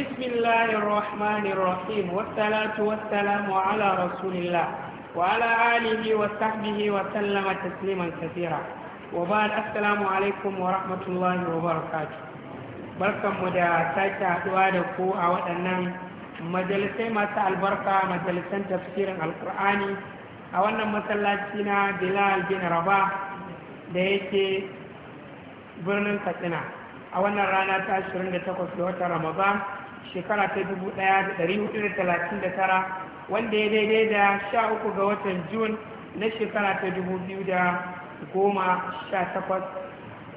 بسم الله الرحمن الرحيم والصلاة والسلام على رسول الله وعلى آله وصحبه وسلم تسليما كثيرا وبعد السلام عليكم ورحمة الله وبركاته barkan mu da sake haɗuwa da ku a waɗannan majalisai masu albarka majalisan tafsirin alkur'ani a wannan masallaci na bilal bin raba da yake birnin katsina a wannan rana ta 28 ga watan ramadan shekara ta 1439 wanda ya daidai da 13 ga watan Jun na shekara ta 2018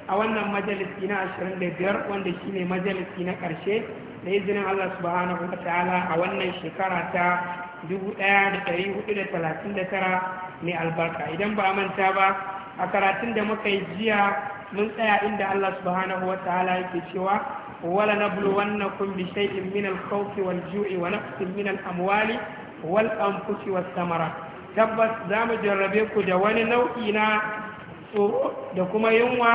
a wannan majalisi na 25 wanda shi ne majalisi na ƙarshe da izinin Allah subhanahu wa ta'ala a wannan shekara ta 1439 mai albarka idan ba manta ba a karatun da muka yi jiya mun tsaya inda Allah subhanahu wa ta'ala yake cewa ولنبلونكم بشيء من الخوف والجوع ونقص من الأموال والأنفس والثمرات tabbas za mu jarrabe ku da wani nau'i na tsoro da kuma yunwa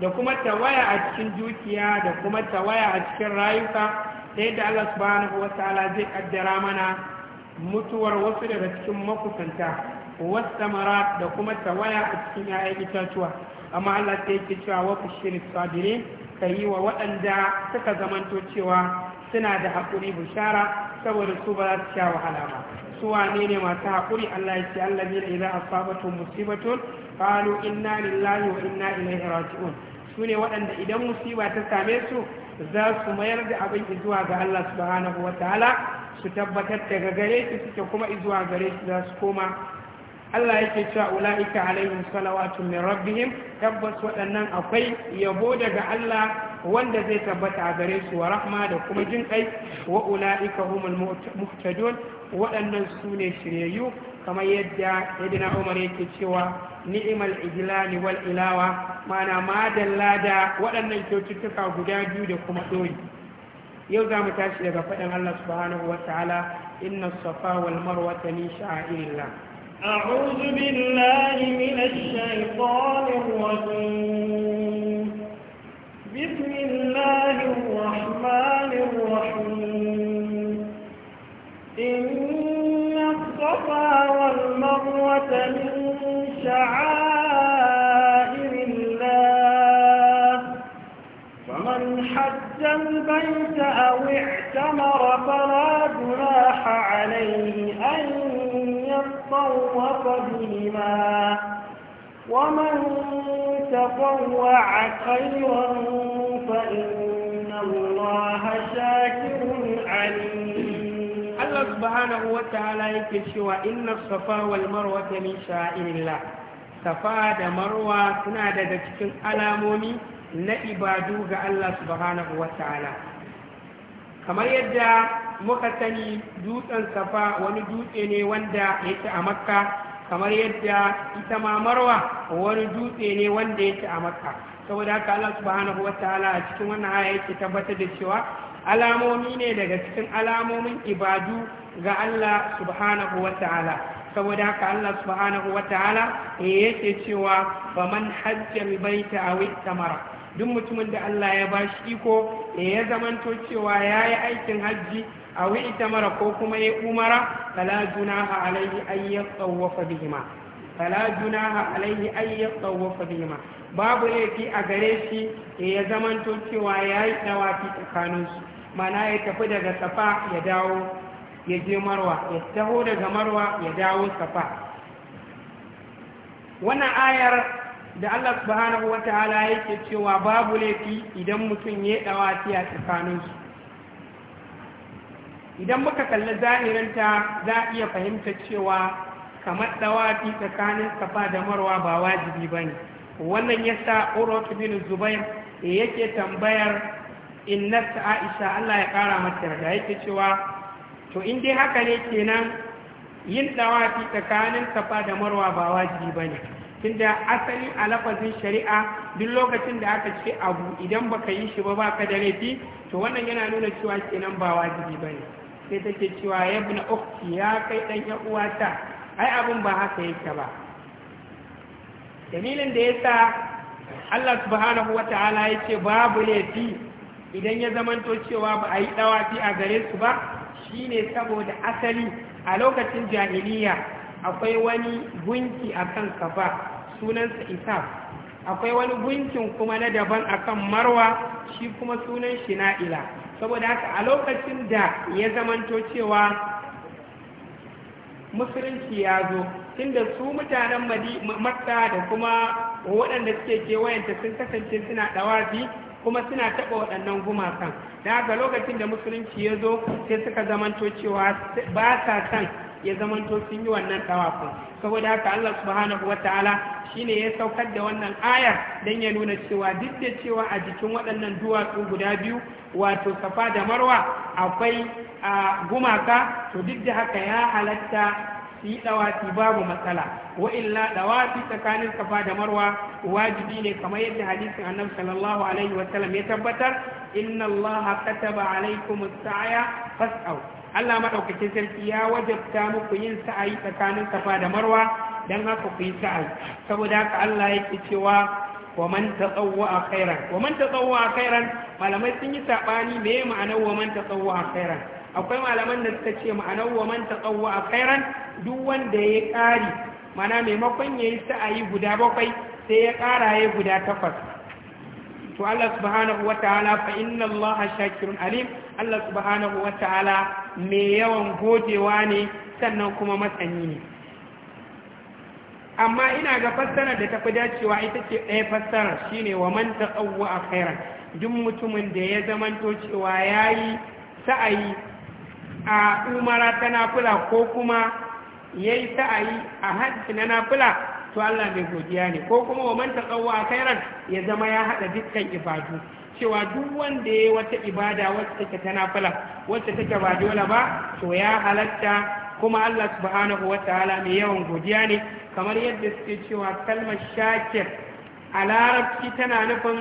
da kuma tawaya a cikin dukiya da kuma tawaya a cikin rayuka Sai da Allah subhanahu wataala zai kaddara mana mutuwar wasu daga cikin makusanta wasu samara da kuma tawaya a cikin 'ya'yan itatuwa amma Allah sai yake cewa wa ku shirin sabirin ka yi wa waɗanda suka zamanto cewa suna da haƙuri bishara saboda su ba za su sha wahala ba su wane ne masu haƙuri Allah ya ce Allah ne idan asabatu musibatun qalu inna lillahi wa inna ilaihi raji'un su ne waɗanda idan musiba ta same su za su mayar da abin zuwa ga Allah subhanahu ta'ala su tabbatar daga gare su suke kuma zuwa gare su za su koma Allah yake cewa ula'ika alaihim salawatu min rabbihim tabbas waɗannan akwai yabo daga Allah wanda zai tabbata a gare su wa rahma da kuma jin kai wa ula'ika humul muhtadun waɗannan su ne shiryayyu kamar yadda Idina Umar yake cewa ni'imal ijlali wal ilawa mana madalla da waɗannan kyaututtuka guda biyu da kuma doyi yau za mu tashi daga faɗin Allah subhanahu wa ta'ala inna safa wal marwa min sha'irillah أعوذ بالله من الشيطان الرجيم بسم الله الرحمن الرحيم إن الصفا والمروة من شعائر الله فمن حج البيت أو اعتمر فلا جناح عليه أن طوف بهما ومن تطوع خيرا فإن الله شاكر عليم الله سبحانه وتعالى يكشف إن الصفا والمروة من شعائر الله safa da marwa suna daga cikin alamomi na ibadu ga Allah subhanahu wa ta'ala kamar yadda muka sani dutsen safa wani dutse ne wanda yake a makka kamar yadda ita ma marwa wani dutse ne wanda yake a makka saboda haka Allah subhanahu wataala a cikin wannan aya yake tabbatar da cewa alamomi ne daga cikin alamomin ibadu ga Allah subhanahu wataala saboda haka Allah subhanahu wataala yake cewa man hajja al baita aw itamara duk mutumin da Allah ya bashi iko ya zamanto cewa yayi aikin hajji aw itamara ko kuma ya umara fala junaha alaihi ay yatawafa bihima fala junaha alaihi ay yatawafa bihima babu laifi a gare shi ya zamanto cewa yi dawafi tsakanin su mana ya tafi daga safa ya dawo ya je marwa ya taho daga marwa ya dawo safa wannan ayar da Allah subhanahu ta'ala yake cewa babu laifi idan mutum ya dawafi a tsakaninsu idan muka kalli zahirinta za a iya fahimta cewa kamar dawafi tsakanin safa da marwa ba wajibi ba ne wannan ya sa urwatu bin zubair yake tambayar inna aisha allah ya kara mata yarda yake cewa to in dai haka ne kenan yin dawafi tsakanin safa da marwa ba wajibi ba ne tunda asali a lafazin shari'a duk lokacin da aka ce abu idan baka yi shi ba baka da laifi to wannan yana nuna cewa kenan ba wajibi ba ne sai take cewa ya bi na ya kai ɗan yan uwata ai abin ba haka yake ba dalilin da ya sa Allah subhanahu wa ta'ala ya ce babu laifi idan ya zamanto cewa ba a yi ɗawafi a gare su ba ne saboda asali a lokacin jahiliya akwai wani gunki akan kafa sunansa isaf akwai wani gunkin kuma na daban akan marwa shi kuma sunan shi na'ila saboda haka a lokacin da ya zamanto cewa musulunci ya zo tunda su mutanen makka da kuma waɗanda suke kewayenta sun kasance suna ɗawafi kuma suna taɓa waɗannan gumakan da haka lokacin da musulunci ya zo sai suka zamanto cewa ba sa san ya zamanto sun yi wannan tawafin saboda haka Allah subhanahu wataala shine ya saukar da wannan ayar dan ya nuna cewa duk da cewa a jikin waɗannan duwatsu guda biyu wato safa da marwa akwai gumaka to duk da haka ya halatta su yi ɗawafi babu matsala wa illa ɗawafi tsakanin safa da marwa wajibi ne kamar yadda hadisin annabi sallallahu alaihi wasallam ya tabbatar inna allaha kataba alaikum as-sa'ya fas'au Allah maɗaukakin sarki ya wajabta muku yin sa'ayi tsakanin kafa da marwa don haka ku yi sa'ayi saboda haka Allah ya yake cewa wa man a kairan wa man a kairan malamai sun yi saɓani me ma'anar wa man a kairan akwai malaman da suka ce ma'anar wa man a kairan duk wanda ya ƙari mana maimakon ya yi sa'ayi guda bakwai sai ya ƙara ya guda takwas to Allah subhanahu wa ta'ala fa inna Allah shakirun alim Allah subhanahu wa ta'ala mai yawan gojewa ne sannan kuma matsanyi ne amma ina ga fassarar da tafi dacewa ita ce ɗaya fassarar shine wa man tsawo a kairan duk mutumin da ya to cewa yi sa'ayi a umara ta nafula ko kuma ya yi sa'ayi a hajji na nafula to Allah mai godiya ne ko kuma wa man tsawo a kairan ya zama ya haɗa dukkan ibadu cewa duk wanda ya yi wata ibada wacce take ta nafala wacce take ba dole ba to ya halatta kuma Allah subhanahu wa ta'ala mai yawan godiya ne kamar yadda suke cewa kalmar shakir a larabci tana nufin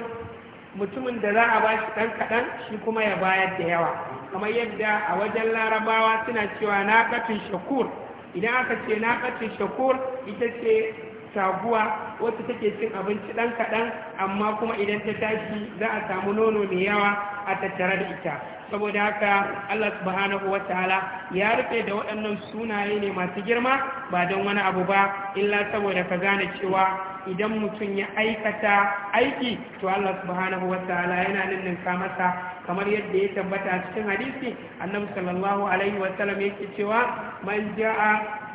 mutumin da za a bashi shi ɗan kaɗan shi kuma ya bayar da yawa kamar yadda a wajen larabawa suna cewa naƙatun shakur idan aka ce naƙatun shakur ita ce taguwa wacce take cin abinci ɗan kaɗan amma kuma idan ta tashi za a samu nono mai yawa a tattare da ita saboda haka Allah subhanahu wa ta'ala ya rufe da waɗannan sunaye ne masu girma ba don wani abu ba illa saboda ka gane cewa idan mutum ya aikata aiki to Allah subhanahu wa ta'ala yana ninninka masa kamar yadda ya tabbata cikin hadisi annabi sallallahu alaihi wa sallam yake cewa man ja'a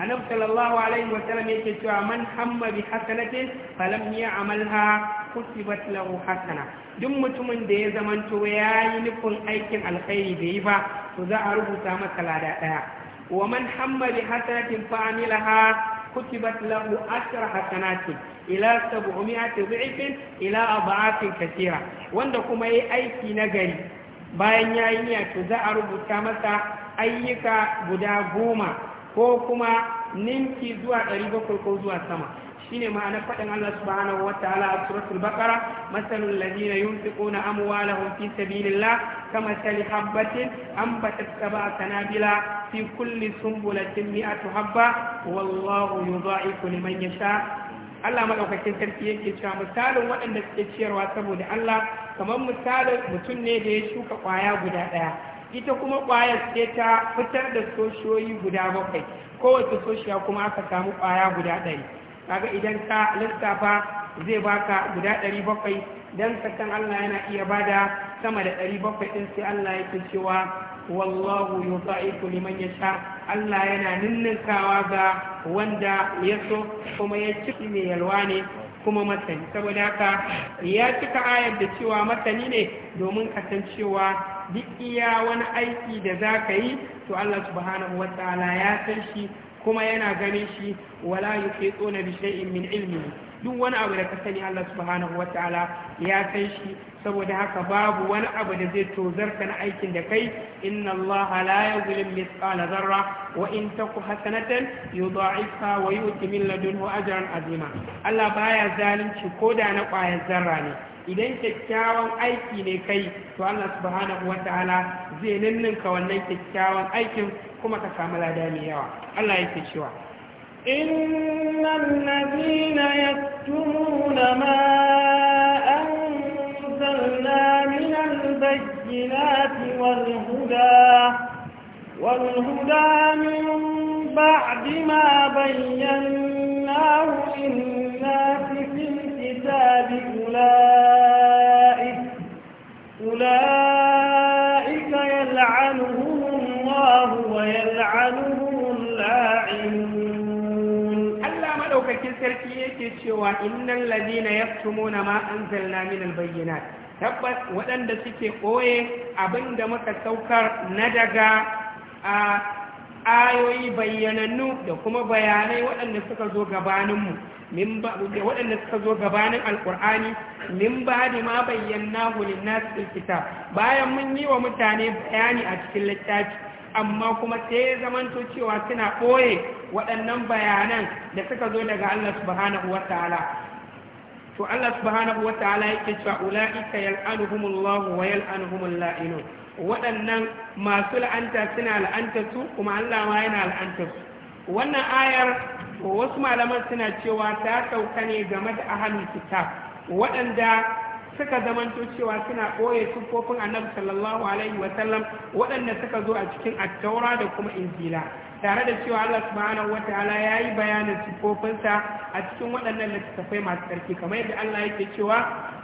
annabi sallallahu alaihi wa yake cewa man hamma bi hasanatin falam ya'malha kutibat lahu hasana duk mutumin da ya zamanto yayi nufin aikin alkhairi bai yi ba to za a rubuta masa lada daya wa man hamma bi hasanatin fa amilaha kutibat lahu ashra hasanatin ila 700 dhi'fin ila adha'afin katira wanda kuma yayi aiki na gari bayan yayi niyya to za a rubuta masa ayyuka guda goma ko kuma ninki zuwa 700 ko zuwa sama shine ma'anar faɗin Allah subhanahu wa ta'ala a suratul baqara masalul ladina yunfiquna amwalahum fi sabilillah kama sali habbatin ambatat sab'a sanabila fi kulli sumbulatin mi'atu habba wallahu yudha'ifu liman yasha Allah madaukakin sarki yake cewa misalin waɗanda suke ciyarwa saboda Allah kamar misalin mutum ne da ya shuka ƙwaya guda ɗaya ita kuma kwaya sai ta fitar da soshiyoyi guda bakwai kowace soshiya kuma aka samu kwaya guda ɗari kaga idan ka lissafa zai baka guda ɗari bakwai don sakan allah yana iya ba da sama da ɗari bakwai ɗin sai allah ya fi cewa wallahu yi liman sha Allah yana ninninkawa ga wanda ya so kuma ya ciki mai yalwa ne kuma masani saboda haka ya cika ayar da cewa masani ne domin kasancewa duk iya wani aiki da za ka yi to Allah subhanahu ta'ala ya san shi kuma yana ganin shi wala yuhituna bishiyar in min ilmihi duk wani abu da ka sani Allah subhanahu wataala ya san shi saboda haka babu wani abu da zai tozarta na aikin da kai inna Allah la yuzlim mithqala zarra wa in taku hasanatan yudha'ifha wa yu'ti min ladunhu ajran azima Allah baya zalunci koda na ƙwayar zarra ne idan kyakkyawan aiki ne kai to Allah subhanahu wataala zai ninninka wannan kyakkyawan aikin kuma ka samu lada mai yawa Allah yake cewa innal ladina yaktumuna ma anzalna min al-bayyinati wal huda wal min ba'di ma bayyanahu lin الكتاب أولئك أولئك يلعنهم الله ويلعنهم اللاعنون ألا ما لو كان سركي yake cewa innal ladina أنزلنا من البينات tabbas waɗanda suke koye abinda muka saukar na daga a ayoyi bayyanannu da kuma bayanai waɗanda suka zo gabaninmu min ba waɗanda suka zo gabanin alkur'ani min ba da ma bayyana hulun nasu ilkita bayan mun yi wa mutane bayani a cikin littafi amma kuma sai zamanto cewa suna ɓoye waɗannan bayanan da suka zo daga Allah subhanahu wa ta'ala to Allah subhanahu wa ta'ala yake cewa ula'ika yal'anuhumullahu wa yal'anuhumul la'inun waɗannan masu la'anta suna la'antarsu kuma Allah ma yana la'antarsu wannan ayar wasu malaman suna cewa ta sauka ne game da ahalin kitab waɗanda suka zamanto cewa suna ɓoye siffofin annabi sallallahu alaihi wa sallam. waɗanda suka zo a cikin attaura da kuma injila tare da cewa Allah subhanahu wataala ya yi bayanin sifofinsa a cikin waɗannan littattafai masu tsarki kamar yadda Allah yake cewa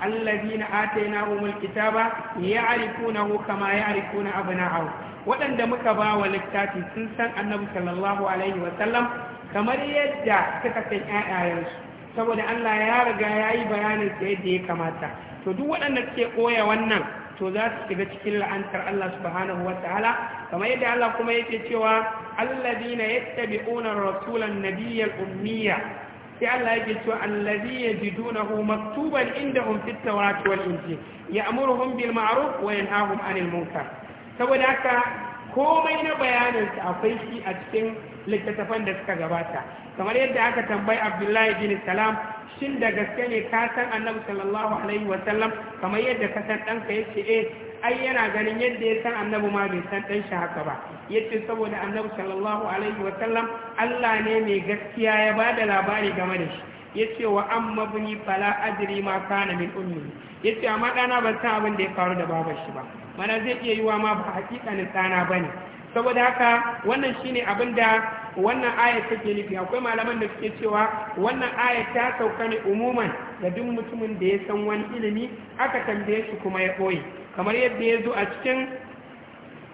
allazina atainahumul kitaba ya'rifunahu kama ya'rifuna abna'ahum waɗanda muka ba wa littafi sun san annabi sallallahu alaihi wa sallam. kamar yadda suka san ƴaƴayensu saboda Allah ya riga ya yi bayanin su yadda ya kamata to duk waɗanda suke koya wannan to za su shiga cikin la'antar Allah subhanahu ta'ala kamar yadda Allah kuma yake cewa alladhina yattabi'una rasulan nabiyyal ummiya sai Allah yake cewa allazi yajidunahu maktuban indahum fit tawrat wal injil ya'muruhum bil ma'ruf wa yanhahum 'anil munkar saboda haka komai na bayanin akwai shi a cikin littattafan da suka gabata kamar yadda aka tambayi abdullahi bin salam shin da gaske ne ka san annabi sallallahu alaihi wa sallam kamar yadda ka san ɗanka ya ce eh ai yana ganin yadda ya san annabi ma bai san ɗan shi haka ba ya saboda annabi sallallahu alaihi wa sallam allah ne mai gaskiya ya ba da labari game da shi yace wa amma buni fala adri ma kana min ummi ya amma ɗana ban san abin da ya faru da babar shi ba mana zai iya yiwa ma ba hakika ɗana ba ne saboda haka wannan shine abin da wannan aya take nufi akwai malaman da suke cewa wannan ayar ta sauka ne umuman ga duk mutumin da ya san wani ilimi aka tambaye shi kuma ya boye kamar yadda ya zo a cikin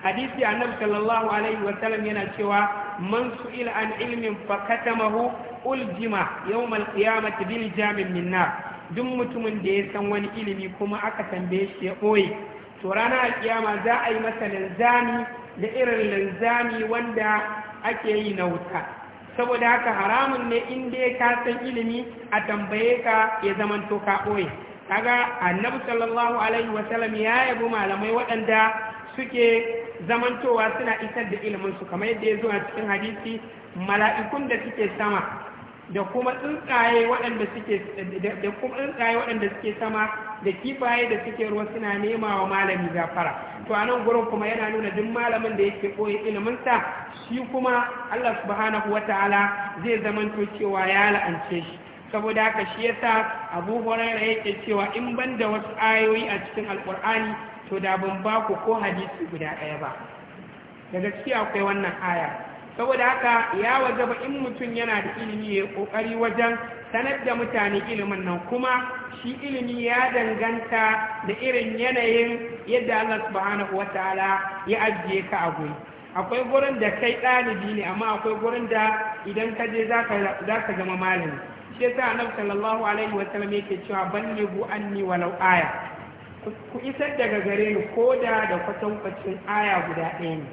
hadisi annabi sallallahu alaihi wa sallam yana cewa man su'ila an ilmin fa katamahu uljima yawm alqiyamati bil jamin min nar duk mutumin da ya san wani ilimi kuma aka tambaye shi ya ɓoye to ranar alkiyama za a yi masa linzami da irin linzami wanda ake yi na wuta saboda haka haramun ne inda ya ka san ilimi a tambaye ka ya zaman toka ka ɓoye kaga annabi sallallahu alaihi wasallam ya yabo malamai waɗanda suke zamantowa suna isar da iliminsu kamar yadda ya zo a cikin hadisi mala'ikun da suke sama da kuma tsuntsaye waɗanda suke da kuma tsuntsaye waɗanda suke sama da kifaye da suke ruwa suna nema wa malami gafara to a nan gurin kuma yana nuna duk malamin da yake koyi iliminsa shi kuma Allah subhanahu wataala zai zamanto cewa ya la'ance shi saboda haka shi yasa Abu Hurairah yake cewa in ban da wasu ayoyi a cikin Alƙur'ani to da ban ba ku ko hadisi guda ɗaya ba Da gaske akwai wannan aya saboda haka ya wajaba in mutum yana da ilimi ya kokari wajen sanar da mutane ilimin nan kuma shi ilimi ya danganta da irin yanayin yadda Allah subhanahu ta'ala ya ajiye ka a guri akwai gurin da kai ɗalibi ne amma akwai gurin da idan ka je za ka zama malami shi yasa annabi sallallahu alaihi wa sallam yake cewa ballighu anni walau aya ku isar daga gare ni ko da da kwatankwacin aya guda ɗaya ne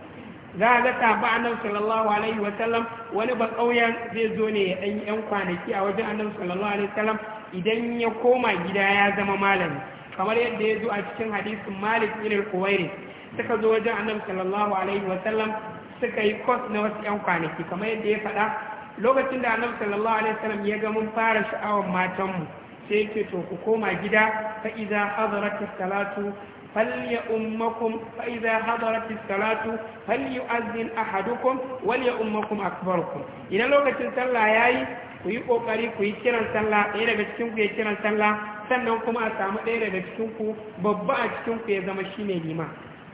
za a ga sahaba annabi sallallahu alaihi wa sallam wani ba kauyen zai zo ne ya dan yan kwanaki a wajen annabi sallallahu alaihi wa sallam idan ya koma gida ya zama malami kamar yadda ya zo a cikin hadisin Malik ibn al-Huwairi suka zo wajen annabi sallallahu alaihi wa sallam suka yi kos na wasu yan kwanaki kamar yadda ya faɗa lokacin da annabi sallallahu alaihi wa sallam ya ga mun fara sha'awar matanmu sai yake to ku koma gida fa iza hadarat salatu فليؤمكم فإذا حضرت الصلاة فليؤذن أحدكم وليؤمكم أكبركم إلى لوكة صلى ياي ku yi ƙoƙari ku yi kiran sallah ɗaya daga cikin ku ya kiran sallah sannan kuma a samu ɗaya daga cikin ku babba a cikin ku ya zama shi shine lima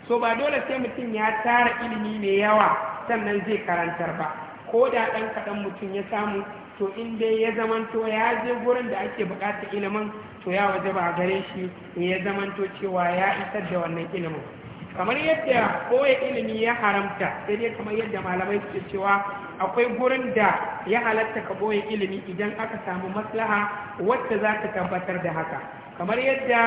so ba dole sai mutum ya tara ilimi mai yawa sannan zai karantar ba ko da ɗan kaɗan mutum ya samu to in dai ya zamanto ya je gurin da ake bukatar ilimin to ya waje ba gare shi ya zamanto cewa ya isar da wannan ilimin kamar yadda koya ilimi ya haramta sai dai kamar yadda malamai suke cewa akwai gurin da ya halatta ka boye ilimi idan aka samu maslaha wacce za ka tabbatar da haka kamar yadda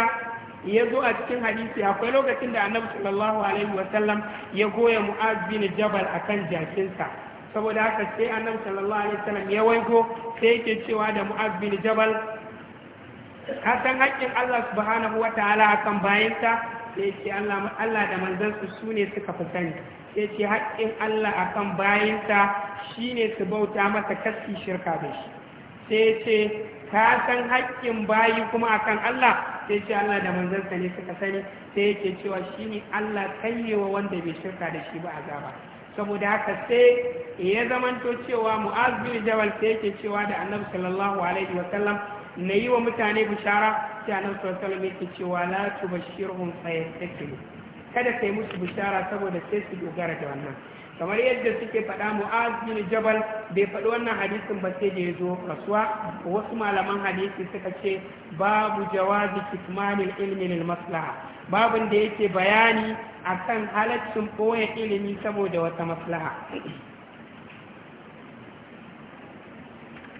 ya zo a cikin hadisi akwai lokacin da annabi sallallahu alaihi wasallam ya goya mu'az bin jabal akan jakinsa saboda haka sai annabi sallallahu alaihi wasallam ya wanko sai yake cewa da mu'az bin jabal ka san haƙƙin Allah subhanahu wataala akan bayinta sai ce Allah Allah da manzon su ne suka fi sani sai ce haƙƙin Allah akan bayinta shine su bauta masa kaski shirka da shi sai ce ka san haƙƙin bayi kuma akan Allah sai ce Allah da sa ne suka sani sai yake cewa shine Allah kayyewa wanda bai shirka da shi ba azaba saboda haka sai ya zamanto cewa mu'az bin jabal sai yake cewa da annabi sallallahu alaihi wasallam na yi wa mutane bishara sai annabi sallallahu alaihi wasallam yake cewa la tubashshirhum fayattakilu kada kai musu bishara saboda sai su dogara da wannan kamar yadda suke faɗa mu'az bin jabal bai faɗi wannan hadisin ba sai da ya zo rasuwa wasu malaman hadisi suka ce babu jawazi kitmanil ilmi lil maslaha babin da yake bayani akan halaccin ɓoye ilimi saboda wata maslaha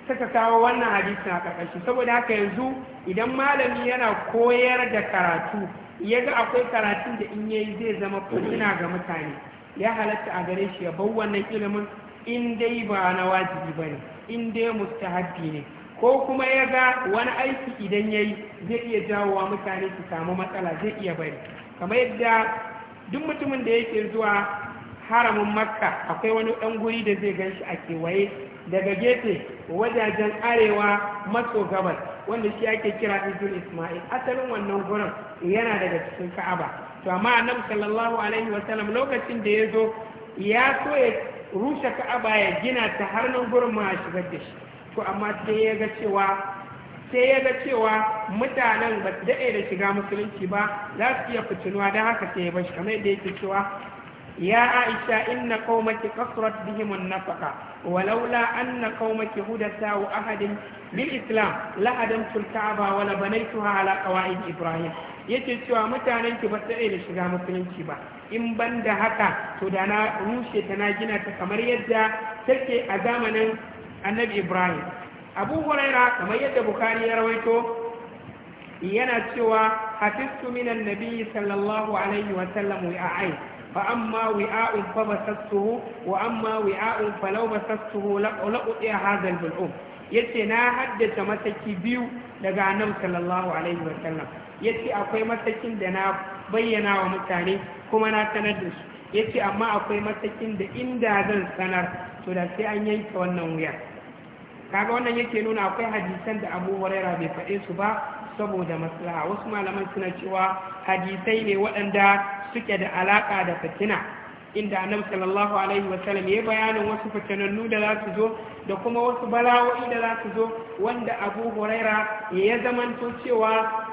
suka kawo wannan hadisin a ƙarƙashi saboda haka yanzu idan malami yana koyar da karatu ya ga akwai karatu da in yayi zai zama fitina ga mutane ya halatta a gare shi ya bau wannan ilimin in dai ba na wajibi ba ne in dai mustahabbi ne ko kuma ya ga wani aiki idan yayi zai iya jawowa mutane su samu matsala zai iya bari kamar yadda duk mutumin da yake zuwa haramin makka akwai wani ɗan guri da zai gan shi a kewaye daga gefe wajajen arewa maso gabas wanda shi ake kira izul ismail asalin wannan gurin yana daga cikin ka'aba to amma annabi sallallahu alaihi wa sallam lokacin da ya zo ya so ya rushe ka'aba ya gina ta har nan gurin ma a shigar da shi to amma sai ya ga cewa sai ya ga cewa mutanen ba su daɗe da shiga musulunci ba za su iya fitinuwa don haka sai ya bashi kamar yadda yake cewa ya aisha inna qaumaki kasrat bihim an-nafaqa walaula anna qaumaki hudasa wa ahadin bil islam lahadin hadamtu al wa la banaytuha ala qawaid ibrahim yace cewa mutanen ki ba su daɗe da shiga musulunci ba in ban da haka to da na rushe ta na gina ta kamar yadda take a zamanin annabi ibrahim abu huraira kamar yadda bukari ya rawaito yana cewa hafiztu minan nabiyyi sallallahu alaihi wa sallam wi'a'ai fa amma wi'a'un fa basassuhu wa amma wi'a'un fa law basassuhu la uqiya hadha al-bul'um yace na haddace mataki biyu daga nan, sallallahu alaihi wa sallam yace akwai matakin da na bayyana wa mutane kuma na sanar da su yace amma akwai matakin da inda zan sanar to da sai an yanke wannan wuyar kaga wannan yake nuna akwai hadisan da abu huraira bai faɗe su ba saboda maslaha wasu malaman suna cewa hadisai ne waɗanda suke da alaƙa da fitina inda annabi sallallahu alaihi wasallam ya bayanin wasu fitanannu da za su zo da kuma wasu bala'o'i da za su zo wanda abu huraira ya zamanto cewa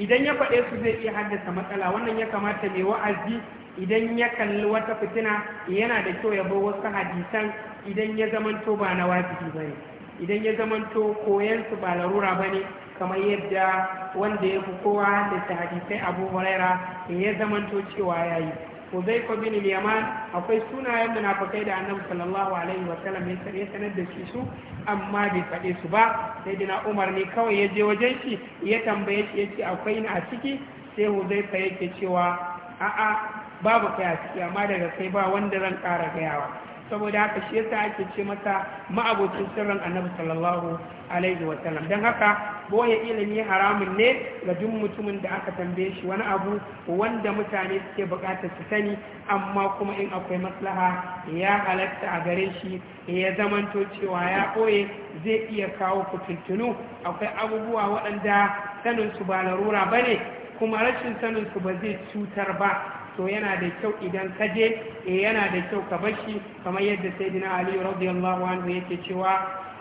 idan ya faɗe su zai iya haddasa matsala wannan ya kamata mai wa'azi idan ya kalli wata fitina yana da kyau ya bar wasu hadisan idan ya zamanto ba na wajibi bane idan ya zamanto koyansu ba larura ba ne kamar yadda wanda ya fi kowa da ta hadisai abu huraira ya zamanto cewa ya yi ko bin yaman akwai sunayen munafakai da annabi sallallahu alaihi wa sallam ya sanar da shi su amma bai faɗe su ba sai dina umar ne kawai ya je wajen shi ya tambaye shi ya ce akwai ni a ciki sai huzaifa yake cewa a'a babu kai a ciki amma daga kai ba wanda zan ƙara gayawa saboda haka shi yasa ake ce masa ma'abocin sirrin annabi sallallahu alaihi wa sallam don haka boye ilimi haramun ne ga duk mutumin da aka tambaye shi wani abu wanda mutane suke bukatar su sani amma kuma in akwai maslaha ya halatta a gare shi ya zamanto cewa ya boye zai iya kawo kututunu akwai abubuwa waɗanda sanin su ba larura bane kuma rashin sanin su ba zai cutar ba to yana da kyau idan ka je eh yana da kyau ka bashi kamar yadda sayyidina ali radiyallahu anhu yake cewa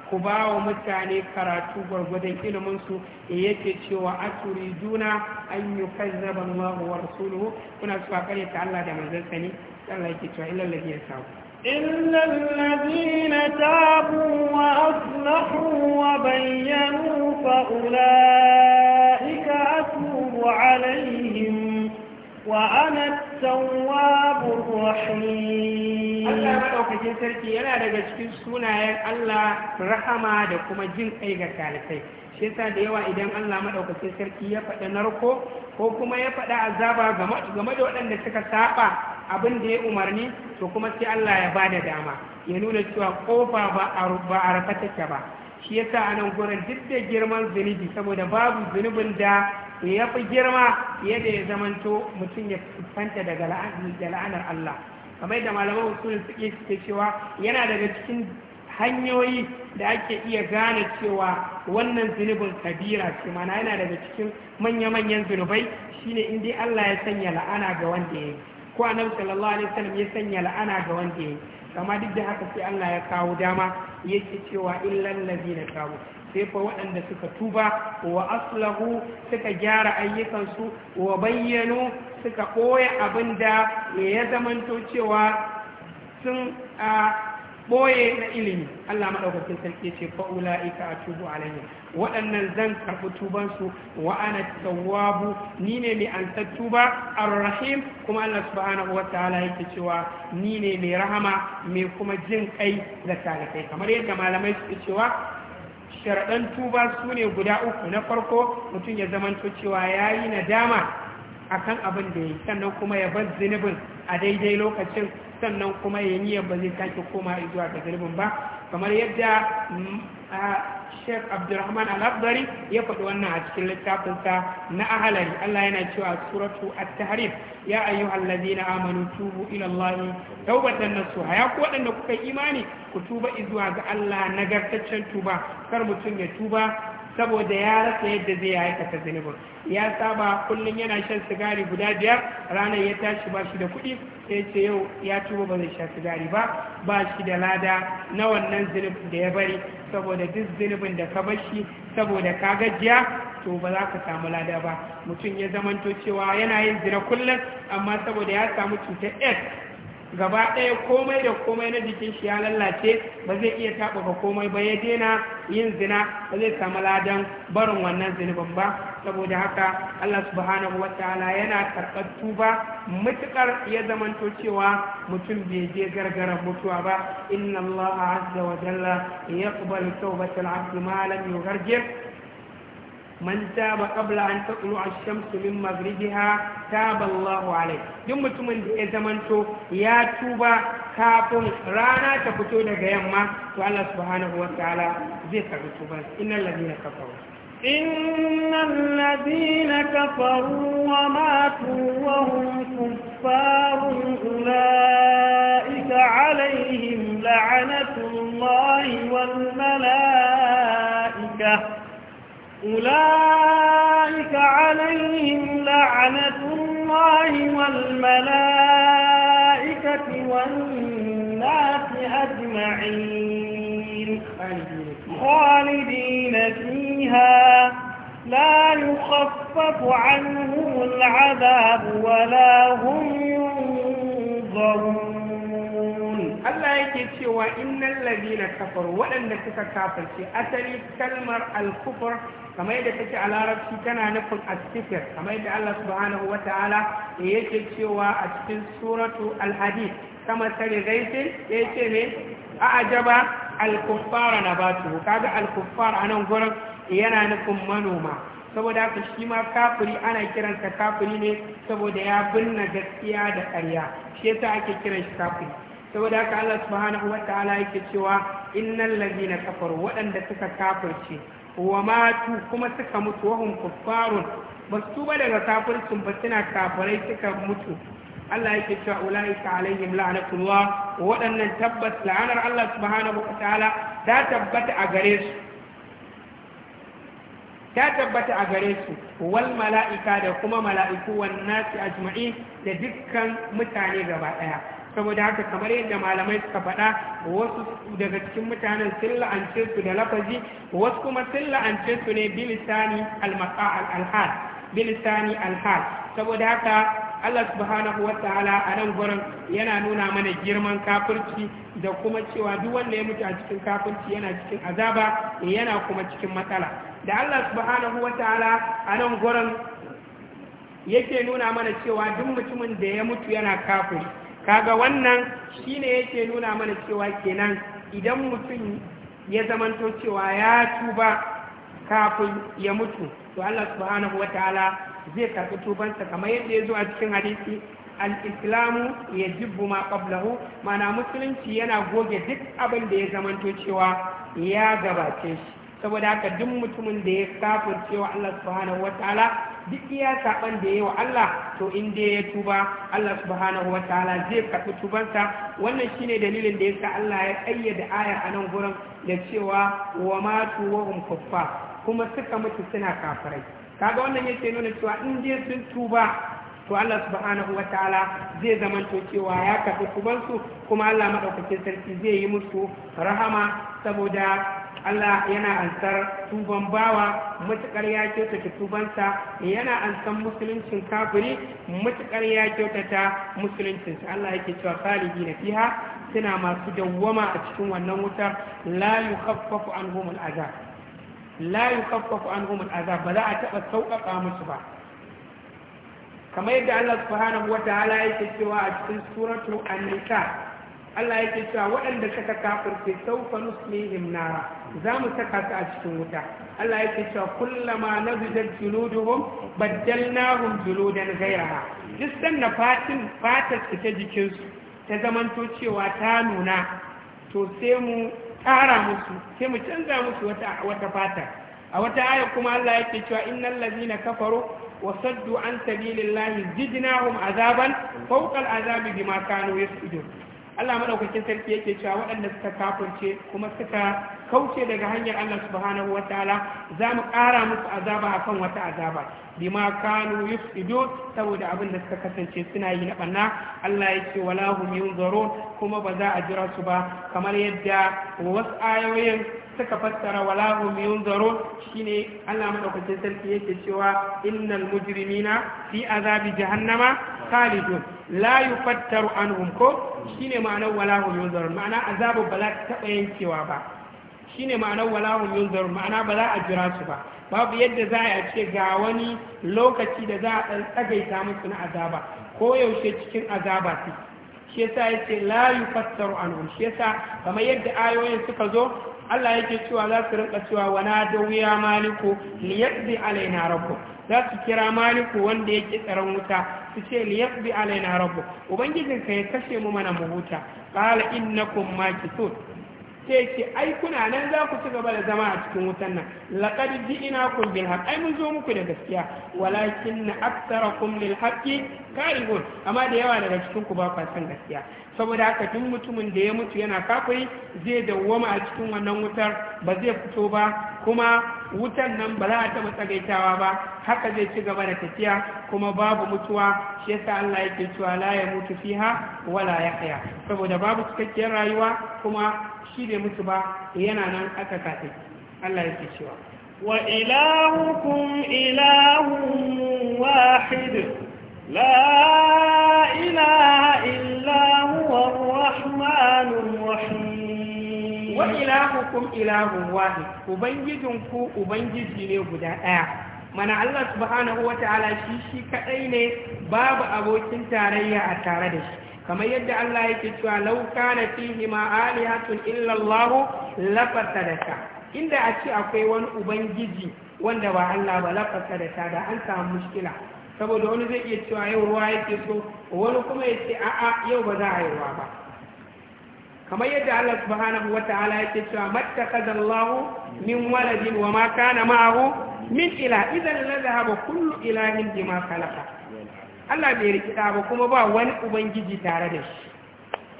ku ba wa mutane karatu gwargwadon iliminsu e yake cewa a turiduna an yi kazzaban Allah wa rasuluhu kuna suka kare ta Allah da manzansa ne Allah yake cewa illal ladina tabu illal na tabu wa aslahu wa bayyanu fa ulaika atubu alaihim وأنا التواب الرحيم الله مدوكاكين sarki yana daga cikin sunayen Allah rahama da kuma jin kai ga kalifai shi yasa da yawa idan Allah Maɗaukacin sarki ya faɗa narko ko kuma ya faɗa azaba game da waɗanda suka saba abin da ya umarni to kuma sai Allah ya bada dama ya nuna cewa kofa ba a rufa take ba shi yasa a nan gurin duk da girman zunubi saboda babu zunubin da ya fi girma fiye da ya zamanto mutum ya fanta daga la'anar Allah kamar da malaman usulun suke suke cewa yana daga cikin hanyoyi da ake iya gane cewa wannan zunubin kabira ce mana yana daga cikin manya-manyan zunubai shine in dai Allah ya sanya la'ana ga wanda ya yi ko annabi sallallahu alaihi wasallam ya sanya la'ana ga wanda yayi kama duk da haka sai Allah ya kawo dama yake cewa illal ladina tabu sai fa waɗanda suka tuba wa aslahu suka gyara ayyukansu wa bayyano suka koya abinda ya zamanto cewa sun a boye na ilimi Allah madaukakin sarki ce fa a atubu alayhi waɗannan zan karɓi tuban su wa ana tawabu ni ne mai ansar tuba arrahim kuma Allah subhanahu wataala yake cewa ni ne mai rahama mai kuma jin kai da talakai kamar yadda malamai suke cewa sharaɗan tuba su ne guda uku na farko mutum ya zamanto cewa ya yi nadama akan abin da ya sannan kuma ya bar zunubin a daidai lokacin sannan kuma ya niyyar ba zai sake koma zuwa ga zulubin ba kamar yadda mm, Sheikh Abdulrahman Al-Abdari ya faɗi wannan a cikin littafinsa na ahalari Allah yana cewa suratu At-Tahrim ya ayyuhal ladina amanu tubu ila Allah tawbatan nasuha ya ku waɗanda kuka imani ku tuba zuwa ga Allah nagartaccen tuba kar mutum ya tuba saboda ya rasa yadda zai aikata zunubin ya saba kullum yana shan sigari guda biyar ranar ya tashi ba shi da kuɗi sai ce yau ya tuba ba zai sha sigari ba ba shi da lada na wannan zunubin da ya bari saboda duk zunubin da ka bar shi saboda ka gajiya to ba za ka samu lada ba mutum ya zamanto cewa yana yin zina kullum amma saboda ya samu cutar s gaba ɗaya komai da komai na jikin shi ya lallace ba zai iya taɓuka komai ba ya daina yin zina ba zai samu ladan barin wannan zunubin ba saboda haka Allah subhanahu wa ta'ala yana karɓar tuba mutukar ya zamanto cewa mutum bai je gargaran mutuwa ba inna Allah azza wa jalla yaqbalu tawbatal abdi ma lam yughargir man taba qabla an tatlu ash-shamsu min maghribiha taba Allahu alayhi duk mutumin da ya zamanto ya tuba kafin rana ta fito daga yamma to Allah subhanahu wa ta'ala zai karbi tuban innal ladina kafaru innal ladina kafaru wa matu wa hum kuffarun ulaika alaihim la'anatullahi wal malaa'ikati أولئك عليهم لعنة الله والملائكة والناس أجمعين خالدين فيها لا يخفف عنهم العذاب ولا هم ينظرون Allah yake cewa innal ladina kafaru waɗanda suka kafirce asali kalmar al-kufr kamar yadda take a larabci tana nufin asifir kamar yadda Allah subhanahu wa ta'ala ya yake cewa a cikin suratu alhadid kama tare zaifin ya ce ne a ajaba alkuffara na batu kaga alkuffar a nan gurin yana nufin manoma saboda haka shi ma kafiri ana kiransa kafiri ne saboda ya binne gaskiya da ƙarya shi yasa ake kiran shi kafiri saboda haka Allah subhanahu wa ta'ala yake cewa innal ladina kafaru waɗanda suka kafirce wa matu kuma suka mutu wahum kuffarun ba su tuba daga kafircin ba suna kafirai suka mutu Allah yake cewa ka alaihim la'natullah waɗannan tabbas la'anar Allah subhanahu wa ta'ala ta tabbata a gare su ta tabbata a gare su wal mala'ika da kuma mala'iku wan nasi ajma'in da dukkan mutane gaba ɗaya saboda haka kamar yadda malamai suka faɗa wasu daga cikin mutanen sun la'ance su da lafazi wasu kuma sun la'ance su ne bilisani alhal bilisani alhal saboda haka Allah subhanahu wataala a nan gurin yana nuna mana girman kafirci da kuma cewa duk wanda ya mutu a cikin kafirci yana cikin azaba yana kuma cikin matsala da Allah subhanahu wataala a nan gurin yake nuna mana cewa duk mutumin da ya mutu yana kafiri kaga wannan shine yake nuna mana cewa kenan idan mutum ya zamanto cewa ya tuba kafin ya mutu to Allah subhanahu wataala zai karbi tubansa kamar yadda ya zo a cikin hadisi al-islamu yajibu ma qablahu mana musulunci yana goge duk abin da ya zamanto cewa ya gabace shi saboda haka duk mutumin da ya kafin cewa Allah subhanahu ta'ala duk iya saban da yi wa Allah to in dai ya tuba Allah subhanahu ta'ala zai kafi tubansa wannan shine dalilin da yasa Allah ya da aya a nan gurin da cewa wa ma wa kuffa kuma suka mutu suna kafirai kaga wannan yake nuna cewa in dai sun tuba to Allah subhanahu ta'ala zai zamanto cewa ya karbi tubansu kuma Allah madaukakin sarki zai yi musu rahama saboda Allah yana ansar tuban bawa matuƙar ya kyautata tubansa yana ansar musuluncin kafiri matuƙar ya kyautata musuluncinsa Allah yake cewa khalidi na fiha suna masu dawwama a cikin wannan wutar la yukhaffafu anhum al'azab la yukhaffafu anhum al'azab ba za a taba sauƙaƙa musu ba kamar yadda Allah subhanahu wataala yake cewa a cikin suratul an-nisa Allah yake cewa waɗanda suka kafirce saufa nuslihim nara za mu saka su a cikin wuta Allah yake cewa kullama nazijat juluduhum baddalnahum juludan ghayraha duk na fatin fatar ita jikinsu ta zamanto cewa ta nuna to sai mu ƙara musu sai mu canza musu wata wata fata a wata aya kuma Allah yake cewa innal ladina kafaru wasaddu an sabilillahi zidnahum azaban fawqa al'azabi bima kanu yasjudun Allah madaukakin sarki yake cewa waɗanda suka kafirce kuma suka kauce daga hanyar Allah subhanahu ta'ala za mu ƙara musu azaba akan wata azaba bima kanu yufsidun saboda abin da suka kasance suna yi na banna Allah ya ce wala hum yunzarun kuma ba za a jira su ba kamar yadda wasu ayoyin suka fassara wala hum yunzarun shine Allah madaukakin sarki yake cewa innal mujrimina fi azabi jahannama khalidun la yufattaru anhum ko shine ma'ana wala hum yunzarun ma'ana azabu ba za ta taba yankewa ba shine ma'ana wala hum yunzarun ma'ana ba za a jira su ba babu yadda za a ce ga wani lokaci da za a dan tsagaita musu na azaba ko yaushe cikin azaba su shi yasa yace la yufattaru anhum shi yasa kamar yadda ayoyin suka zo Allah yake cewa za su rinka cewa wana da wuya maliku liyaqdi alaina rabbuk za su kira maliku wanda ya ke tsaron wuta su ce liyaqbi alaina rabu ubangijinka ya kashe mu mana mu huta kun maki makithun sai ce ai kuna nan za ku ci gaba da zama a cikin wutan nan laqad ji'ina kum bil haqq ai mun zo muku da gaskiya walakin aktsarakum lil haqq karihun amma da yawa daga cikin ku ba ku san gaskiya saboda haka duk mutumin da ya mutu yana kafiri zai dawwama a cikin wannan wutar ba zai fito ba kuma wutan nan ba za a taɓa tsagaitawa ba haka zai ci gaba da tafiya kuma babu mutuwa shi yasa Allah yake cewa la ya mutu fiha wala ya saboda babu cikakkiyar rayuwa kuma shi bai mutu ba yana nan aka kaɗe Allah yake cewa wa ilahukum ilahun wahid la ilaha illa huwa rahmanur rahim wa ilahukum ilahun wahid ku ubangiji ne guda ɗaya mana Allah subhanahu wa ta'ala shi shi kaɗai ne babu abokin tarayya a tare da shi kamar yadda Allah yake cewa law kana fihi ma alihatun illa Allah la fasadata inda a ce akwai wani ubangiji wanda ba Allah ba la fasadata da an samu mushkila saboda wani zai iya cewa yau ruwa yake so wani kuma ya ce a'a yau ba za a yi ruwa ba kamar yadda Allah subhanahu wata'ala yake cewa mattaqadallahu min waladin wa ma kana ma'ahu min ila idan la zahaba kullu ilahin bima khalaqa Allah bai rikida ba kuma ba wani ubangiji tare da shi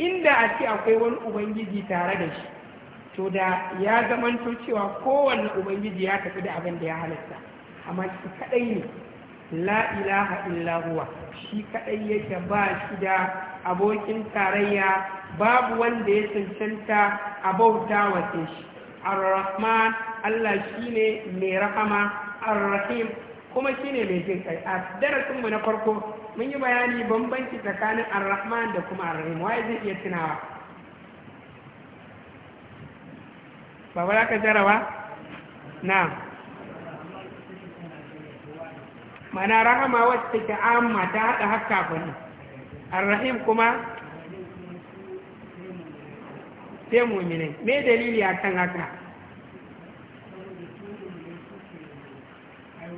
inda a ce akwai wani ubangiji tare da shi to da ya zamanto cewa kowanne ubangiji ya tafi da abin da ya halitta amma shi kadai ne la ilaha illa huwa shi kadai yake ba shi da abokin tarayya babu wanda ya cancanta a bauta wa shi ar-rahman Allah shine mai rahama ar-rahim kuma shine mai jin kai a darasin mu na farko mun yi bayani bambanci tsakanin ar-rahman da kuma ar-rahim waye zai iya tunawa baba za ka jarawa na mana rahama wacce take amma ta haɗa haka bane ar-rahim kuma sai mu'minai me dalili akan haka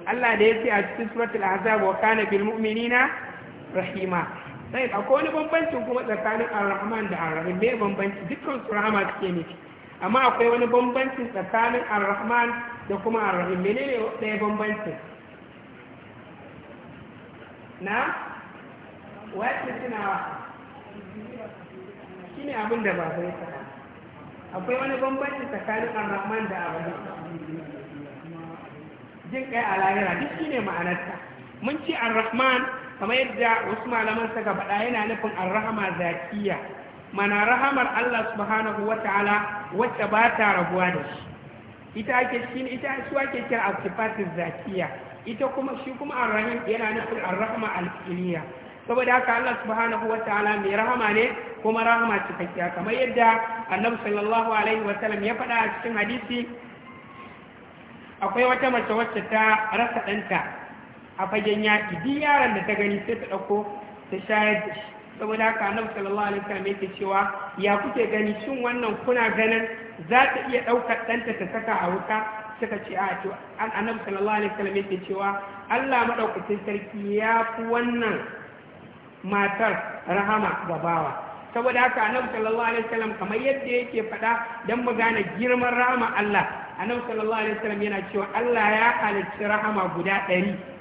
Allah da ya ce a cikin suratul ahzab wa kana bil mu'minina rahima sai akwai wani bambancin kuma tsakanin ar-rahman da ar-rahim me bambanci dukkan su rahama suke nufi amma akwai wani bambanci tsakanin arrahman rahman da kuma ar-rahim menene ɗaya bambancin na wace tunawa shine abin da ba zai faɗa akwai wani bambanci tsakanin arrahman rahman da ar-rahim jin kai a lahira duk shine ma'anarsa mun ce arrahman. rahman kamar yadda wasu malaman suka faɗa yana nufin arrahama zakiya mana rahamar Allah subhanahu wa ta'ala wacce ba ta rabuwa da shi ita ake cikin ita su ake kira al zakiya ita kuma shi kuma arrahim yana nufin arrahama al-fi'liya saboda haka Allah subhanahu wa ta'ala mai rahama ne kuma rahama cikakkiya kamar yadda annabi sallallahu alaihi wa sallam ya faɗa a cikin hadisi akwai wata mace wacce ta rasa ɗanta a fagen yaƙi din yaron da ta gani sai ta ɗauko ta shayar da shi saboda haka annabi sallallahu alaihi wasallam yake cewa ya kuke gani shin wannan kuna ganin za ta iya ɗaukar ɗanta ta saka a wuta suka ce a to annabi sallallahu alaihi wasallam yake cewa Allah madaukakin sarki ya fi wannan matar rahama ga bawa saboda haka annabi sallallahu alaihi wasallam kamar yadda yake faɗa dan mu gane girman rahama Allah annabi sallallahu alaihi wasallam yana cewa Allah ya halicci rahama guda ɗari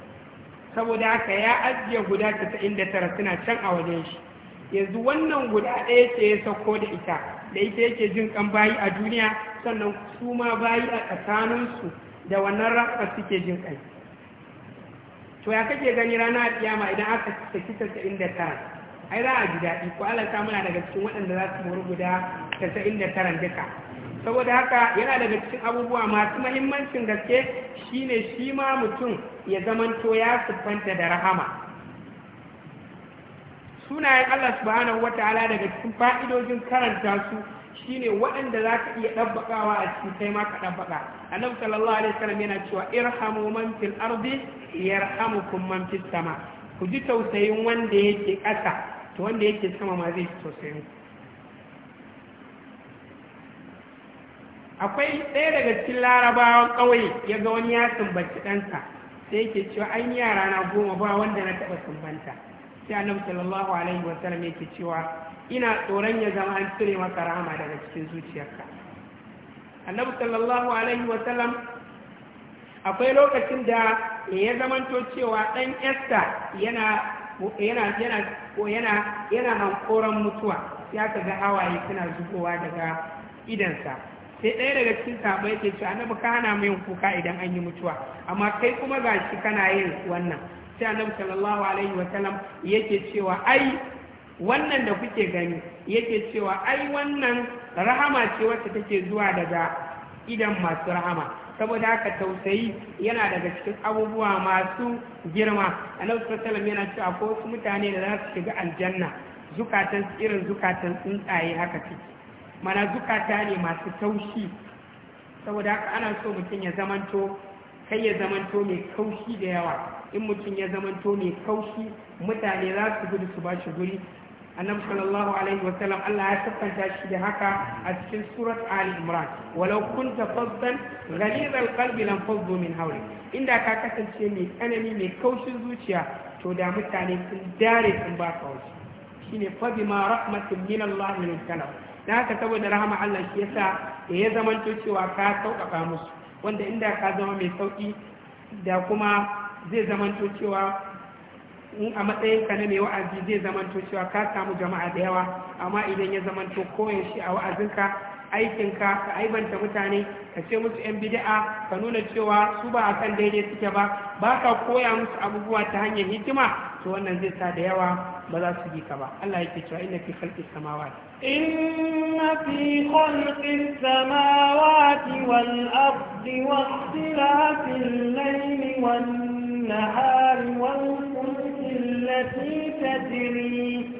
saboda haka ya ajiye guda tara suna can a wajen shi yanzu wannan guda ɗaya ce ya sauko da ita da ita yake jin kan bayi a duniya sannan su ma bayi a tsakaninsu da wannan rafa suke jin kai to ya kake gani rana a kiyama idan aka saki tara? ai za a ji daɗi ko Allah ta daga cikin waɗanda za su mori guda tara duka saboda haka yana daga cikin abubuwa masu mahimmancin gaske shine shi ma mutum ya zamanto ya siffanta da rahama sunayen Allah subhanahu wataala daga cikin fa'idojin karanta su shine waɗanda za ka iya ɗabbaƙawa a cikin kai ma ka ɗabbaƙa annabi sallallahu alaihi wasallam yana cewa irhamu man fil ardi yarhamukum man fis sama ku ji tausayin wanda yake ƙasa to wanda yake sama ma zai tausayin ku akwai ɗaya daga cikin larabawan ƙauye ya ga wani ya sumbanci ɗansa sai yake cewa "Ai yara na goma ba wanda na taɓa sumbanta sai annabi sallallahu alaihi sallam yake cewa ina tsoron ya zama an cire maka rahama daga cikin zuciyarka annabi sallallahu alaihi sallam akwai lokacin da ya to cewa ɗan esta yana yana yana yana yana hankoran mutuwa ya kaga ga hawaye suna zubowa daga idansa sai ɗaya daga cikin sahabbai yake cewa annabi ka hana mai kuka idan an yi mutuwa amma kai kuma ga shi kana yin wannan sai annabi sallallahu alaihi wa sallam yake cewa ai wannan da kuke gani yake cewa ai wannan rahama ce wacce take zuwa daga idan masu rahama saboda haka tausayi yana daga cikin abubuwa masu girma annabi sallallahu alaihi yana cewa ko wasu mutane da za su shiga aljanna zukatan irin zukatan tsuntsaye haka ciki mana zukata ne masu taushi saboda haka ana so mutum ya zamanto kai ya zamanto mai kaushi da yawa in mutum ya zamanto mai kaushi mutane za su gudu su ba shi guri annabi sallallahu alaihi wa sallam Allah ya tabbata shi da haka a cikin surat Ali Imran walau kunta faddan ghalid al-qalbi lam faddu min hawli inda ka kasance mai tsanani mai kaushin zuciya to da mutane sun dare sun ba ka wuce shine fa bima rahmatin min Allah min kalam da haka saboda rahama Allah shi yasa da ya zama cewa ka sauƙaƙa musu wanda inda ka zama mai sauƙi da kuma zai zama cewa in a matsayin ka na mai wa'azi zai zamanto cewa ka samu jama'a da yawa amma idan ya to koyan shi a wa'azinka aikinka ka aibanta mutane ka ce musu yan bida'a ka nuna cewa su ba a kan daidai suke ba ba ka koya musu abubuwa ta hanyar hikima to wannan zai sa da yawa ba za su bi ka ba Allah yake cewa inna fi khalqi samawati إن في خلق السماوات والأرض واختلاف الليل والنهار والفلك التي تجري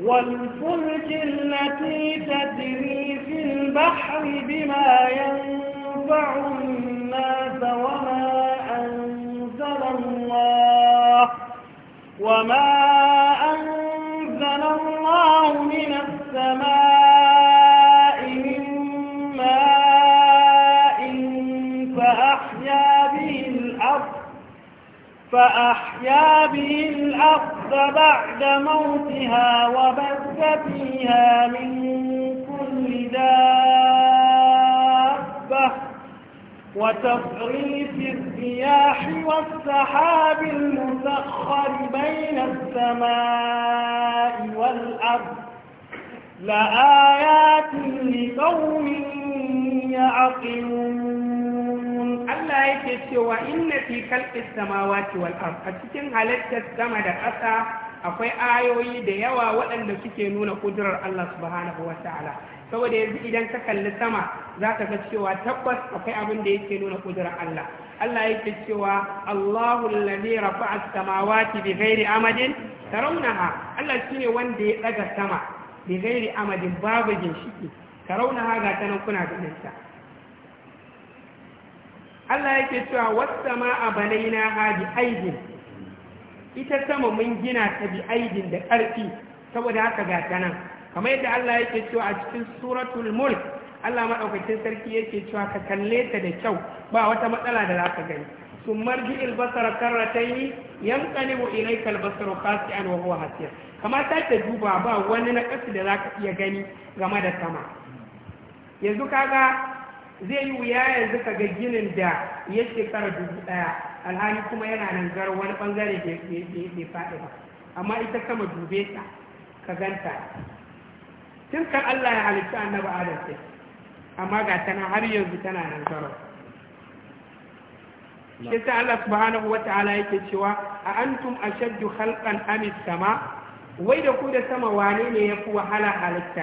والفلك التي تجري في البحر بما ينفع الناس وما أنزل الله وما فأحيا به الأرض بعد موتها وبث فيها من كل دابة وتصريف الرياح والسحاب المسخر بين السماء والأرض لآيات لقوم يعقلون Allah yake cewa inna fi khalqis samawati wal ard a cikin halittar sama da ƙasa akwai ayoyi da yawa waɗanda suke nuna kudurar Allah subhanahu wa ta'ala saboda yanzu idan ka kalli sama za ka ga cewa tabbas akwai abin da yake nuna kudurar Allah Allah yake cewa Allahu allazi rafa'a as-samawati bighairi amadin tarawnaha Allah shine wanda ya daga sama bighairi amadin babu ginshiki tarawnaha ga tanan kuna ganin ta Allah yake cewa wata ma a banaina na bi aidin ita sama mun gina ta bi aidin da ƙarfi saboda haka ga ta nan kamar yadda Allah yake cewa a cikin suratul mulk Allah maɗaukakin sarki yake cewa ka kalle ta da kyau ba wata matsala da za ka gani sun marji ilbasar karratai yankanibu ilaikal basaru khasi'an wa huwa hasir kamar ta duba ba wani na da za ka iya gani game da sama yanzu kaga zai yi wuya yanzu ka ga ginin da ya shekara dubu ɗaya alhali kuma yana nan gar wani bangare da ya faɗi ba amma ita sama dube ta ka ganta tun kan Allah ya halitta annabi Adam sai amma ga tana har yanzu tana nan garo shi Allah subhanahu wata'ala yake cewa a antum ashaddu khalqan am sama wai da ku da sama wane ne yafi wahala halitta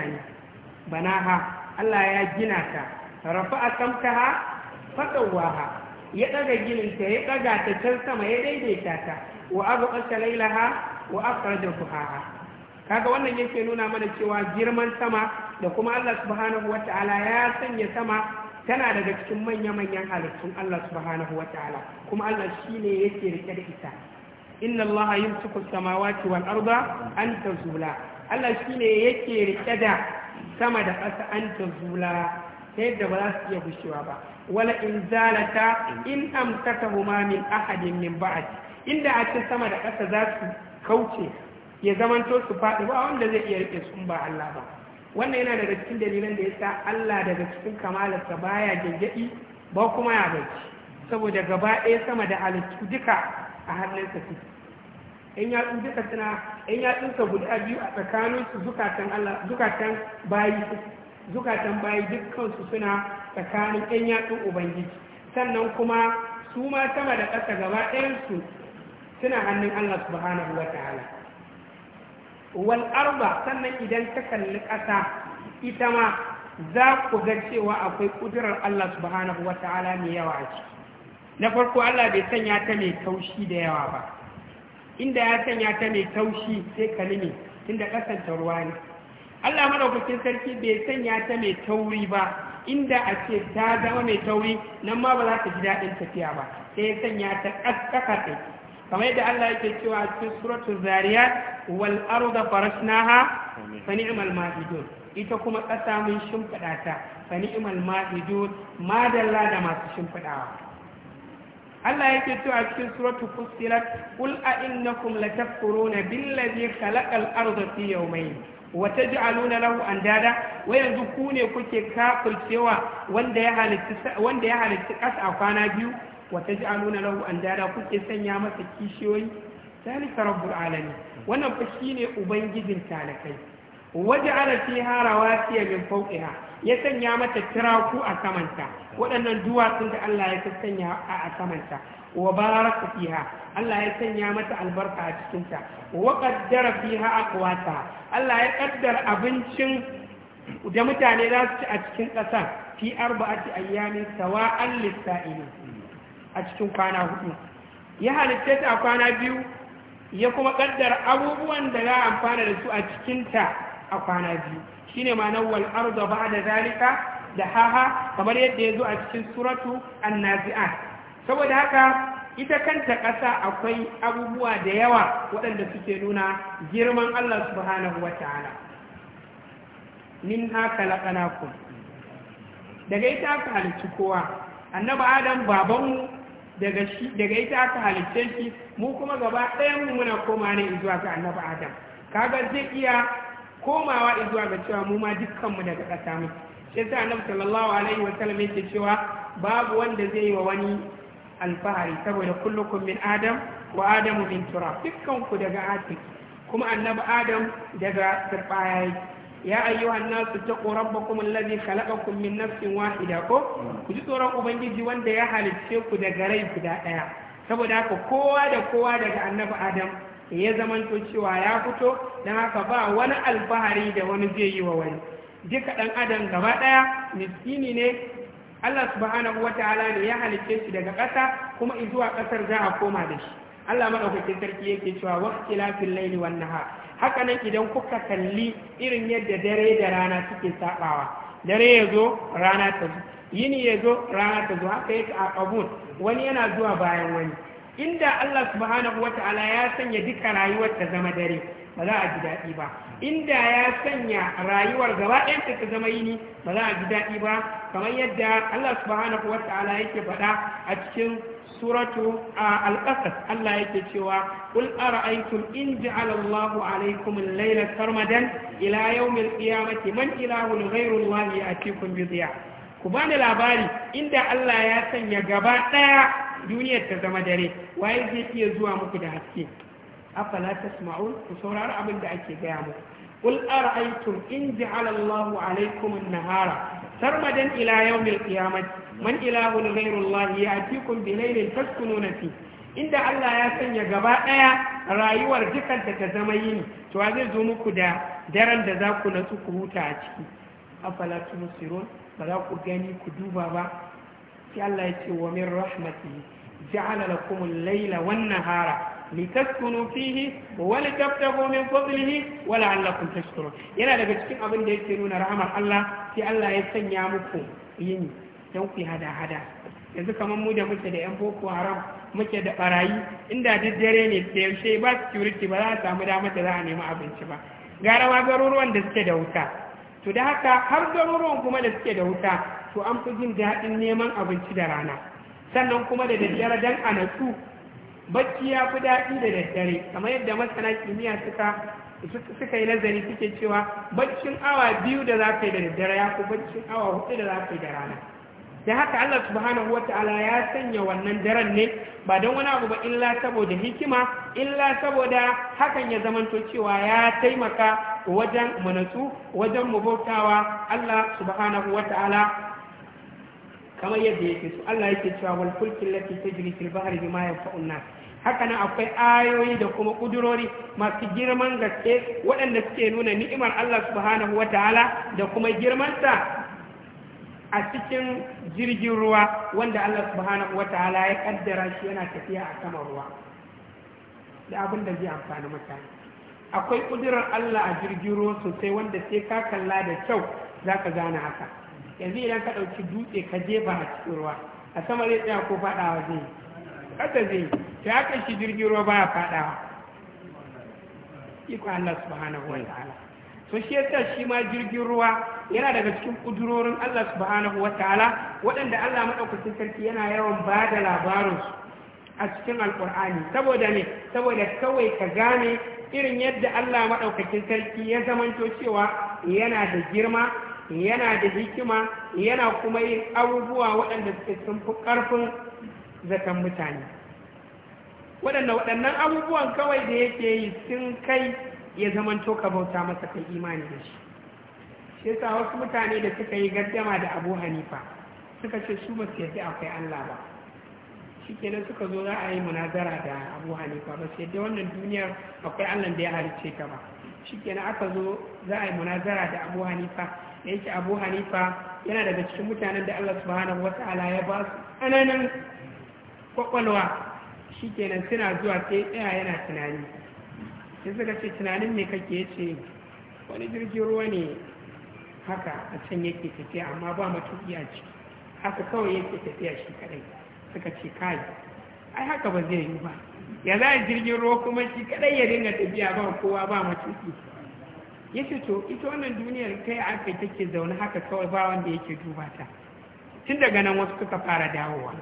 ne ha, Allah ya gina ta rafa a samtaha ha ya ɗaga ta ya ɗaga ta can sama ya daidaita ta wa abu ƙasa ha wa buha ha kaga wannan yake nuna mana cewa girman sama da kuma Allah subhanahu ta'ala ya sanya sama tana daga cikin manya-manyan halittun Allah subhanahu ta'ala kuma Allah ne yake rike da ita inna Allah yumsiku samawati wal arda an zula Allah shine yake rike da sama da ƙasa an zula. ta yadda ba za su iya bushewa ba wala in zalata in amsakahuma min ahadin min ba'd inda a cikin sama da ƙasa za su kauce ya zamanto su faɗi ba wanda zai iya rike sun ba Allah ba wannan yana daga cikin dalilan da yasa Allah daga cikin kamalarsa baya gaggadi ba kuma ya bacci saboda gaba ɗaya sama da halittu duka a hannunsa in duka suna in yatsunsa guda biyu a tsakaninsu zukatan bayi zukatan bayi dukkansu suna tsakanin ɗan yatsun ubangiji sannan kuma su ma sama da ƙasa gaba ɗayansu suna hannun allah subhanahu wa ta'ala wal arba sannan idan ta kalli ƙasa ita ma za ku ga cewa akwai ƙudurar allah subhanahu wa ta'ala mai yawa a ciki na farko allah bai sanya ta mai taushi da yawa ba inda ya sanya ta mai taushi sai kalimi inda ta ruwa ne Allah madaukakin sarki bai sanya ta mai tauri ba inda a ce ta zama mai tauri nan ma ba za ta ji daɗin tafiya ba sai sanya ta ƙasƙaƙaɗe kamar yadda Allah yake cewa a cikin suratu zariya wal arda farashnaha fa ni'mal ma'idun ita kuma ƙasa mun shimfiɗa ta fa ni'mal ma'idun madalla da masu shimfiɗawa Allah yake cewa cikin suratul fussilat qul a innakum latakfuruna billazi khalaqal arda fi yawmayn wata nuna lahu an dada wai yanzu ku ne kuke kafircewa wanda ya halitta wanda ya kasa a kwana biyu wata nuna lahu an dada kuke sanya masa kishiyoyi talika rabbul alamin wannan fa shine ubangijin talakai waja'ala fiha rawasiya min fawqiha ya sanya mata tiraku a samanta waɗannan duwatsun da Allah ya sanya a samanta wa baraka fiha Allah ya sanya mata albarka a cikinta wa qaddara fiha aqwata Allah ya kaddara abincin da mutane za su ci a cikin ƙasa fi arba'ati ayyamin sawa'an lissa'ini a cikin kwana hudu ya halitta ta kwana biyu ya kuma kaddara abubuwan da za a amfana da su a cikinta a kwana biyu shine wal'ar da ba da zalika da haha kamar yadda ya zo a cikin suratu annazi'a. saboda haka ita kanta ƙasa akwai abubuwa da yawa waɗanda suke nuna girman Allah subhanahu wa ta'ala min haka ku daga ita aka halicci kowa annaba adam babanmu daga ita aka halittu shi mu kuma gaba ɗayanmu muna koma ne zuwa ga annaba adam kaga zai iya komawa zuwa ga cewa mu ma dukkanmu daga ƙasa mu shi yasa annabi sallallahu alaihi wa sallam yake cewa babu wanda zai yi wa wani alfahari saboda kullukum min adam wa adamu min turab dukkan ku daga atik kuma annabi adam daga turbaya yake ya ayyuhan nasu taqu rabbakum alladhi khalaqakum min nafsin wahida ko ku ji tsoron ubangiji wanda ya halicce ku daga rai guda daya saboda haka kowa da kowa daga annabi adam ya zamanto cewa ya fito don haka ba wani alfahari da wani zai yi wa wani duka ɗan adam gaba ɗaya miskini ne Allah subhanahu wa ta'ala ne ya halicce shi daga ƙasa kuma zuwa ƙasar za a koma da shi Allah maɗaukakin sarki yake cewa waqti lafil laili wan naha haka nan idan kuka kalli irin yadda dare da rana suke sabawa dare ya zo rana ta zo yini ya zo rana ta zo haka yake a kabul wani yana zuwa bayan wani inda Allah subhanahu wata'ala ya sanya duka rayuwar ta zama dare ba za a ji daɗi ba inda ya sanya rayuwar gaba ɗayanta ta zama yini ba za a ji daɗi ba kamar yadda Allah subhanahu wata'ala yake faɗa a cikin suratu a qasas Allah yake cewa qul ara'aytum in ja'ala Allahu 'alaykum al-layla sarmadan ila yawm al-qiyamati man ilahun ghayru Allah ya'tikum bi dhiya ku bani labari inda Allah ya sanya gaba ɗaya duniyar ta zama dare waye zai iya zuwa muku da haske afala tasma'un ku saurari abin da ake gaya muku qul ara'aytum in ja'ala Allahu 'alaykum an-nahara sarmadan ila yawmil qiyamah man ilahun ghayru Allah ya'tikum bi laylin taskununa fi inda Allah ya sanya gaba daya rayuwar da ta zama yini to zai zo muku da daren da za ku natsu ku huta a ciki afala tumsirun ba za ku gani ku duba ba sai Allah ya ce wa min rahmatihi ja'ala lakum al-laila wan-nahara litaskunu fihi wa litabtagu min fadlihi wa la'allakum tashkurun yana daga cikin abin da yake nuna rahmar Allah sai Allah ya sanya muku yini don ku hada hada yanzu kamar mu da muke da yan boko haram muke da barayi inda daddare ne da yaushe ba security ba za a samu damar da za a nemi abinci ba garawa garuruwan da suke da wuta to da haka har garuruwan kuma da suke da wuta to an fi jin daɗin neman abinci da rana sannan kuma da daddare don a natsu bacci ya fi daɗi da daddare kamar yadda masana kimiyya suka suka yi nazari suke cewa baccin awa biyu da za ka yi da daddare ya fi baccin awa hudu da za ka yi da rana da haka Allah subhanahu wa ta'ala ya sanya wannan daren ne ba don wani abu ba illa saboda hikima illa saboda hakan ya zamanto cewa ya taimaka wajen manatu wajen mubautawa Allah subhanahu wa ta'ala kamar yadda yake su Allah yake cewa wal fulkin lati tajri fil bahri bima yanfa'un nas haka nan akwai ayoyi da kuma kudurori masu girman gaske waɗanda suke nuna ni'imar Allah subhanahu wa ta'ala da kuma girmansa a cikin jirgin ruwa wanda Allah subhanahu wataala ya kaddara shi yana tafiya a saman ruwa da abin da zai amfani mutane akwai kudirar Allah a jirgin ruwa sosai wanda sai ka kalla da kyau za ka gane haka yanzu idan ka ɗauki dutse ka jefa a cikin ruwa a sama zai tsaya ko faɗawa zai yi zai yi ta haka shi jirgin ruwa ba ya faɗawa iko Allah subhanahu wa ta'ala to shi yasa shi ma jirgin ruwa yana daga cikin kudurorin Allah subhanahu ta'ala waɗanda Allah madaukakin sarki yana yawan ba da labarin su a cikin alkur'ani saboda ne saboda kawai ka gane irin yadda Allah madaukakin sarki ya zamanto cewa yana da girma yana da hikima yana kuma yin abubuwa waɗanda suke sun fi ƙarfin zaton mutane waɗanda waɗannan abubuwan kawai da yake yi sun kai ya to ka bauta masa kai imani da shi shi yasa wasu mutane da suka yi gaddama da abu hanifa suka ce su ba su yadda akwai allah ba shi suka zo za a yi munazara da abu hanifa ba su yadda wannan duniyar akwai allah da ya halice ta ba shi aka zo za a yi munazara da abu hanifa da yake abu hanifa yana daga cikin mutanen da allah subhanahu wata'ala ya ba su tsananin kwakwalwa shi suna zuwa sai tsaya yana tunani sai suka ce tunanin me kake ce wani jirgin ruwa ne haka a can yake tafiya amma ba matuƙi a ciki haka kawai yake tafiya shi kadai suka ce kai ai haka ba zai yi ba ya za a jirgin ruwa kuma shi kadai ya dinga tafiya ba kowa ba matuƙi ya ce to ita wannan duniyar kai a kai take zaune haka kawai ba wanda yake duba ta tun daga nan wasu suka fara dawowa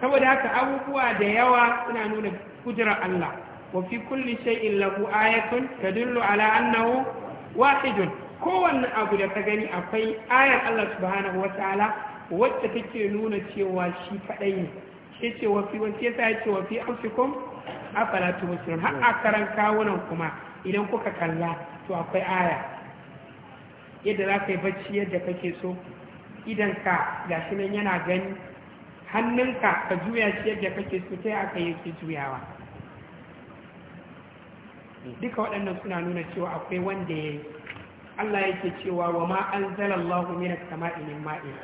saboda haka abubuwa da yawa suna nuna kudurar Allah وفي كل شيء له آية ala annahu أنه واحد kowanne abu da ka gani akwai ayar Allah subhanahu wa ta'ala wacce take nuna cewa shi kadai ne shi ce wa fi yasa ce wa fi amsikum afala tubsirun karan kawunan kuma idan kuka kalla to akwai aya yadda za ka yi bacci yadda kake so idan ka nan yana gani hannunka ka juya shi yadda kake so sai aka yake juyawa duka waɗannan suna nuna cewa akwai wanda ya yi Allah yake cewa wa ma an zalallahu minas sama'i ilin ma'in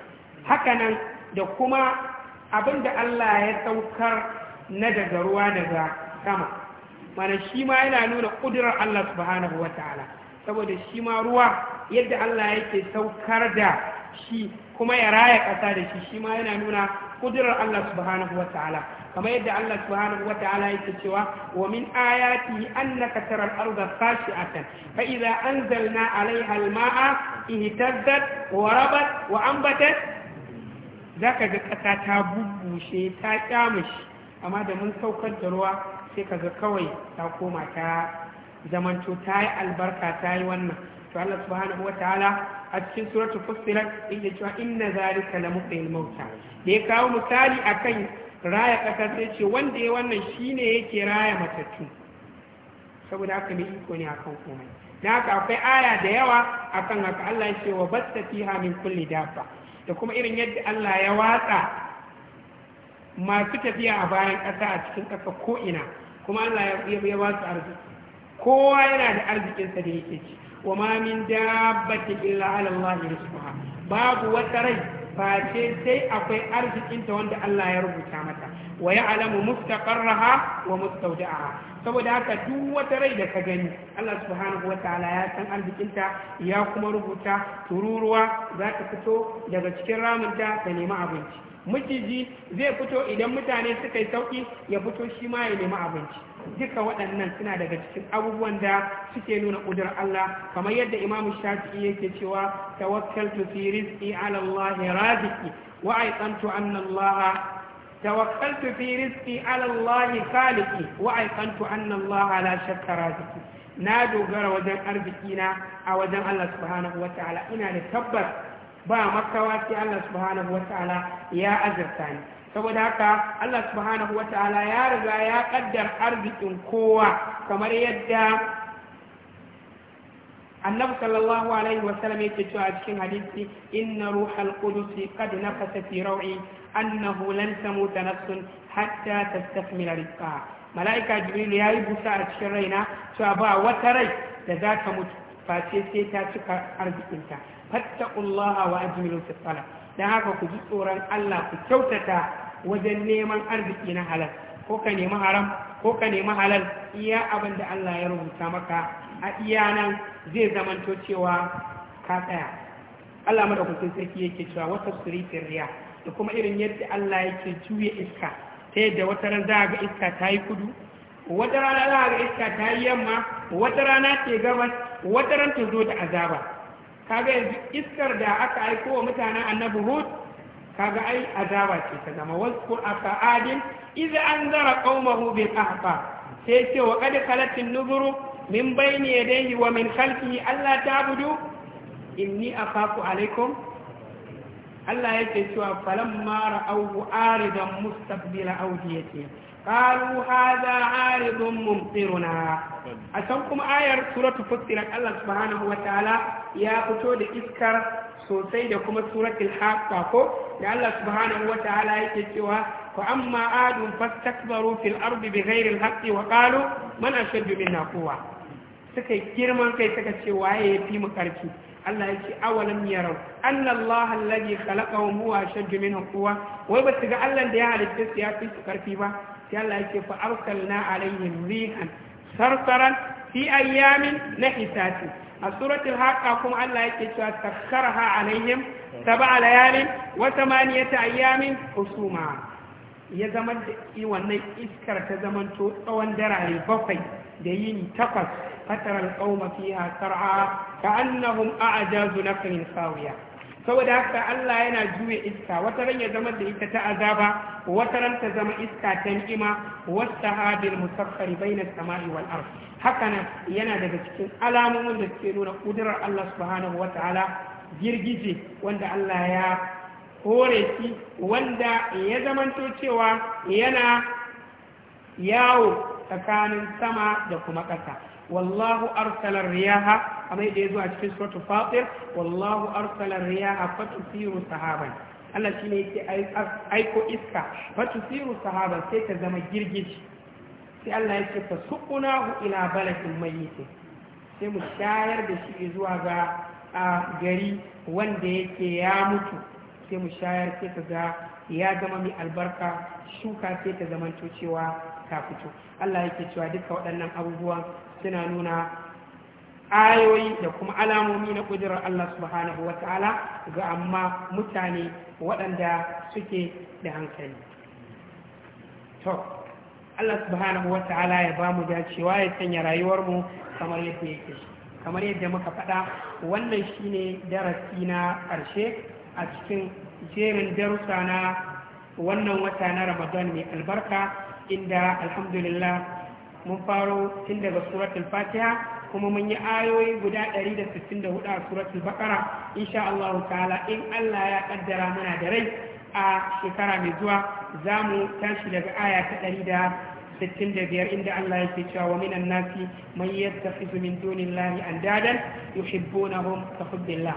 hakanan da kuma abinda Allah ya saukar na daga ruwa daga sama mana shi ma yana nuna ƙudurar Allah subhanahu wata'ala saboda shi ma ruwa yadda Allah yake saukar da shi kuma ya raya ƙasa da shi shi ma yana nuna ƙudurar Allah subhanahu wata'ala kamar yadda Allah subhanahu wataala yake cewa wa min ayati annaka taral arda khashi'atan fa idza anzalna 'alayha al-ma'a ihtazzat wa rabat wa anbatat zaka ga kasa ta bubbushe ta kyamushi amma da mun saukar da ruwa sai kaga kawai ta koma ta zamanto ta yi albarka ta yi wannan to Allah subhanahu wataala a cikin suratul fussilat yake cewa inna zalika la muqil mauta da ya kawo misali akan raya ƙasa sai ce wanda ya wannan shine yake raya matattu saboda haka mai iko ne akan komai da haka akwai aya da yawa akan haka Allah ya ce wa basta fiha min kulli dafa da kuma irin yadda Allah ya watsa masu tafiya a bayan ƙasa a cikin ƙasa ko ina kuma Allah ya watsa arziki kowa yana da arzikinsa da yake ci wa ma min dabbatin illa ala Allah babu wata rai face sai akwai arzikinta wanda Allah ya rubuta mata wa ya'lamu mustaqarraha wa mustawda'aha saboda haka duk wata rai da ka gani Allah subhanahu wataala ya san arzikinta ya kuma rubuta tururuwa za ta fito daga cikin ramunta ta nemi abinci miciji zai fito idan mutane suka yi sauki ya fito shi ma ya nemi abinci duka waɗannan suna daga cikin abubuwan da suke nuna ƙudurar Allah kamar yadda Imam Shafi'i yake cewa tawakkaltu fi rizqi ala Allah raziqi wa aiqantu anna Allah tawakkaltu fi rizqi ala Allah khaliqi wa anna Allah la shakka raziqi na dogara wajen arzikina a wajen Allah subhanahu wataala ina da tabbas ba makawa sai Allah subhanahu wataala ya azurta ni saboda haka Allah subhanahu ta'ala ya riga ya kaddar arzikin kowa kamar yadda annabi sallallahu alaihi wasallam yake cewa a cikin hadisi inna ruhal qudus qad nafasa fi raw'i annahu lan tamuta nafsun hatta tastakmila rizqaha malaika jibril yi busa a cikin raina cewa ba wata rai da za ta mutu face sai ta cika arzikinta fattaqullaha wa ajmilu fi salat don haka ku ji tsoron Allah ku kyautata wajen neman arziki na halal ko ka nemi haram ko ka nemi halal iya abin da Allah ya rubuta maka a iya nan zai zamanto cewa ka tsaya Allah madaukakin sarki yake cewa wata ta riya da kuma irin yadda Allah yake juye iska ta yadda wata ran za ga iska ta yi kudu wata rana za ga iska ta yi yamma wata rana ce gabas wata ran ta zo da azaba kaga yanzu iskar da aka aiko wa mutanen annabi hud kaga ai azaba ce ta zama wasu aka adin iza an zara qaumahu bi ahqa sai ce wa kad kalatin nuzuru min bayni yadayhi wa min khalfihi alla ta'budu inni akhafu alaikum Allah yake cewa falamma ra'awhu aridan mustaqbila awdiyati qalu hadha aridun mumtiruna a san kuma ayar suratul fussilat Allah subhanahu wataala ya fito da iskar sosai da kuma suratul haqqa ko da Allah subhanahu wataala yake cewa ko amma adun fastakbaru fil ardi bighairi alhaqqi wa qalu man ashaddu minna quwwa suka girman kai suka ce waye fi mu karfi Allah yake awalam yarau anna Allah alladhi khalaqahum huwa ashaddu minhum quwwa wai ba su ga Allah da ya halitta su ya fi su karfi ba sai Allah yake fa arsalna alaihim rihan sarsaran fi ayyamin na hisati a suratul haqa kuma Allah yake cewa sakkarha alaihim sab'a layalin wa thamaniyata ayyamin husuma ya zama da wannan iskar ta zamanto tsawon darare bakwai da yini takwas fataral qauma fiha sar'a ka annahum a'jazu nafsin sawiya saboda haka Allah yana juye iska wata ran ya zama da ita ta azaba wata ran ta zama iska ta ni'ima wasahabil musaffari baina samai wal ard haka yana daga cikin alamomin da suke nuna kudurar Allah subhanahu wataala girgije wanda Allah ya hore shi wanda ya zamanto cewa yana yawo tsakanin sama da kuma ƙasa wallahu arsala riyaha Amai da ya a cikin suratul fatir wallahu arsala riyaha fatusiru sahaban Allah shi ne yake aiko iska fatusiru sahaban sai ta zama girgiji sai Allah ya ce fasuqnahu ila balakin mayyit sai mu shayar da shi zuwa ga gari wanda yake ya mutu sai mu shayar sai ta ga ya zama mai albarka shuka sai ta zamanto cewa ta fito Allah yake cewa duka waɗannan abubuwan suna nuna ayoyi da kuma alamomi na ƙudurar Allah subhanahu wa ta'ala ga amma mutane waɗanda suke da hankali. To, Allah subhanahu wa ta'ala ya ba mu dacewa ya sanya rayuwarmu kamar yadda yake. Kamar yadda muka faɗa wannan shine darasi na ƙarshe a cikin jerin darussa na wannan wata na Ramadan mai albarka inda alhamdulillah mun faro tun daga suratul fatiha kuma mun yi ayoyi guda 164 a suratul baƙara insha Allah ta'ala in Allah ya kaddara muna da rai a shekara mai zuwa za mu tashi daga aya ta 165 inda Allah yake cewa wa minan nasi man yattakhidhu min dunillahi andadan yuhibbunahum ka hubbillah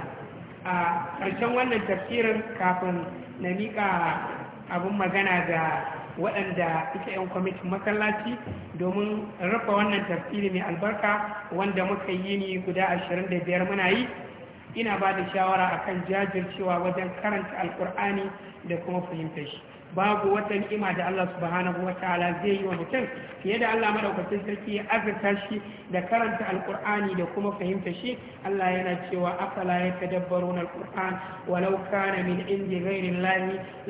a karshen wannan tafsirin kafin na mika abun magana ga waɗanda ita 'yan kwamitin masallaci domin rufe wannan tafsiri mai albarka wanda muka yi ni guda ashirin da biyar muna yi ina ba da shawara akan jajircewa wajen karanta alkur'ani da kuma fahimtar shi babu wata ni'ima da Allah subhanahu wa ta'ala zai yi wa mutum fiye da Allah madaukakin sarki ya azurta shi da karanta alkur'ani da kuma fahimta shi Allah yana cewa afala yatadabbarun alqur'an walau kana min indi ghairi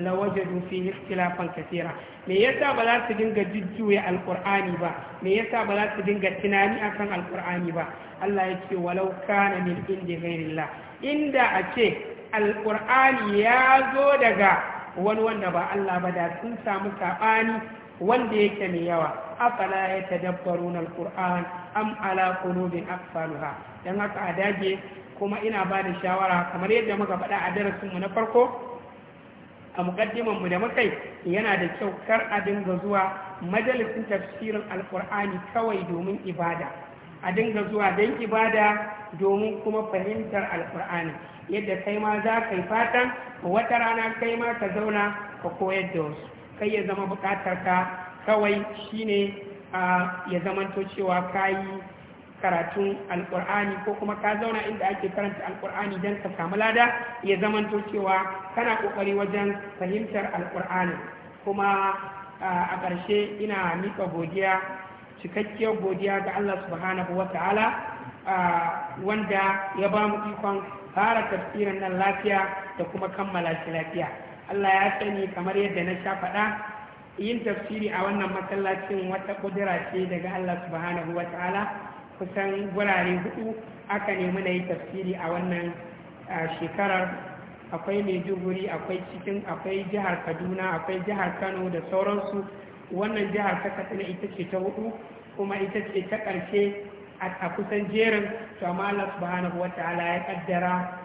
lawajadu fihi ikhtilafan katira me yasa ba za su dinga jujjuya alkur'ani ba me yasa ba za su dinga tunani akan alkur'ani ba Allah ya ce walau kana min indi ghairi inda a ce alkur'ani ya zo daga wani wanda ba Allah ba da sun samu saɓani wanda yake mai yawa afala ya tadabbaru na alƙur'an am ala qulubin aqfaluha dan haka a dage kuma ina ba da shawara kamar yadda muka faɗa a darasinmu na farko a mukaddimanmu da mukai yana da kyau kar a dinga zuwa majalisin tafsirin alkur'ani kawai domin ibada a dinga zuwa don ibada domin kuma fahimtar alkur'ani yadda kai ma za ka yi fatan wata rana kai ma ka zauna ka koyar da wasu kai ya zama bukatar ka kawai shine ya zamanto cewa ka yi karatun alƙur'ani ko kuma ka zauna inda ake karanta alkur'ani don ka samu lada ya zamanto cewa kana ƙoƙari wajen fahimtar alƙur'ani kuma a ƙarshe ina miƙa godiya cikakkiyar godiya ga Allah subhanahu wa ta'ala wanda ya ba mu ikon fara tafsirin nan lafiya da kuma kammala shi lafiya Allah ya sani kamar yadda na sha faɗa yin tafsiri a wannan masallacin wata ƙudura ce daga Allah subhanahu wa ta'ala kusan gurare hudu aka nemi na yi tafsiri a wannan shekarar akwai maiduguri akwai cikin akwai jihar kaduna akwai jihar kano da sauransu wannan jihar ta katsina ita ce ta hudu kuma ita ce ta ƙarshe a kusan jerin to amma Allah subhanahu wa ta'ala ya kaddara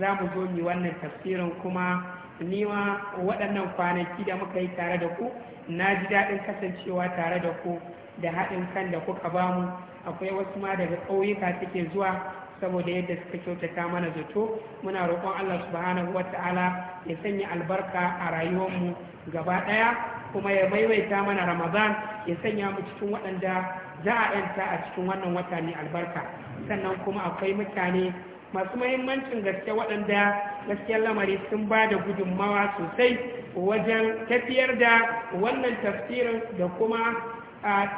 za mu zo mu wannan tafsirin kuma ni waɗannan kwanaki da muka yi tare da ku na ji daɗin kasancewa tare da ku da haɗin kan da kuka ba mu akwai wasu ma daga ƙauyuka suke zuwa saboda yadda suka kyautata mana zato muna roƙon Allah subhanahu wata'ala ya sanya albarka a rayuwarmu gaba ɗaya kuma ya maimaita mana ramadan ya sanya mu cikin waɗanda za a yanta a cikin wannan wata mai albarka sannan kuma akwai mutane masu mahimmancin gaske waɗanda gaskiyar lamari sun ba da gudunmawa sosai wajen tafiyar da wannan tafsirin da kuma a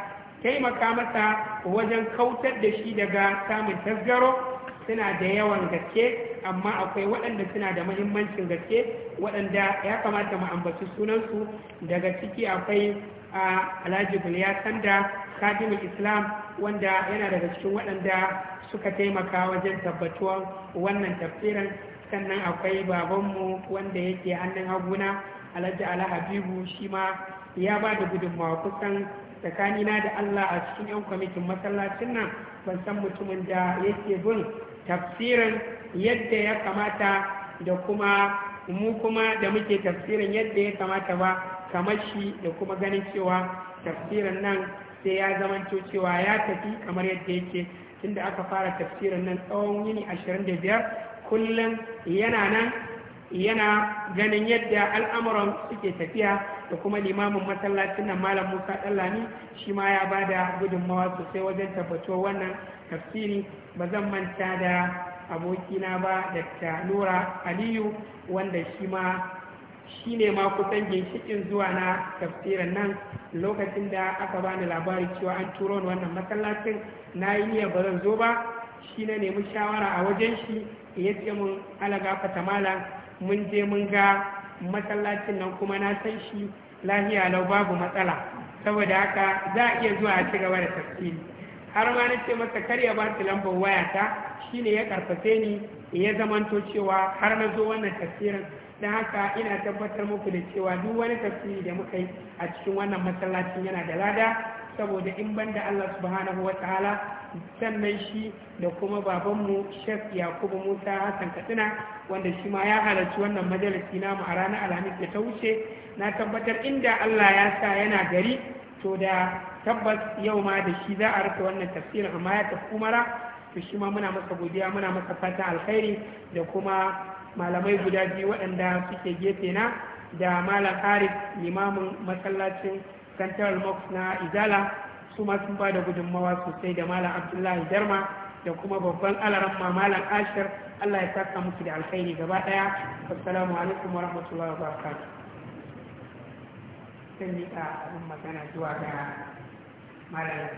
taimaka masa wajen kautar da shi daga samun tasgaro suna da yawan gaske amma akwai waɗanda suna da mahimmancin gaske waɗanda ya kamata mu ambaci sunansu daga ciki akwai A alhaji buliya sanda kafin islam wanda yana daga cikin waɗanda suka taimaka wajen tabbatuwar wannan tafsirin sannan akwai babanmu wanda yake hannun haguna alhaji ala habibu shi ma ya ba da gudunmawa kusan tsakanina da allah a cikin yan kwamitin masallacin nan ban san mutumin da yake bin tafsirin yadda ya kamata da kuma mu kuma da muke tafsirin yadda ya kamata ba kamar shi da kuma ganin cewa tafsirin nan sai ya zamanto cewa ya tafi kamar yadda yake tunda aka fara tafsirin nan tsawon yini 25 kullum yana nan yana ganin yadda al'amuran suke tafiya da kuma limamin masallacin nan malam musa ɗallami shi ma ya bada da gudunmawa sosai wajen tabbato wannan tafsiri ba zan manta da abokina ba da aliyu wanda shi ma shi ne ma kusan ginshikin zuwa na tafsirin nan lokacin da aka bani labari cewa an turo ni wannan masallacin na yi niyyar ba zan zo ba shi na nemi shawara a wajen shi ya ce mun alaga fata mala mun je mun ga masallacin nan kuma na san shi lahiya lau babu matsala saboda haka za a iya zuwa a ci gaba da tafsiri har ma na ce masa kar ya ba su lambar wayata shi ne ya karfafe ni ya zamanto cewa har na zo wannan tafsirin don haka ina tabbatar muku da cewa duk wani tafsiri da muka yi a cikin wannan masallacin yana da lada saboda in banda Allah subhanahu wa ta'ala sannan shi da kuma babanmu shek Yakubu Musa Hassan Katsina wanda shi ma ya halarci wannan majalisi namu a ranar Alhamis da ta wuce na tabbatar inda Allah ya sa yana gari to da tabbas yau ma da shi za a rufe wannan tafsirin amma ya tafi to shi ma muna masa godiya muna masa fatan alkhairi da kuma malamai guda biyu waɗanda suke gefe na da malam harif limamin masallacin central mosque na izala su ma sun ba da gudunmawa sosai da malam abdullahi darma da kuma babban alaran malam ashir allah ya saka muku da alkhairi gaba ɗaya assalamu alaikum wa rahmatullahi wa barakatuh abin magana zuwa ga malam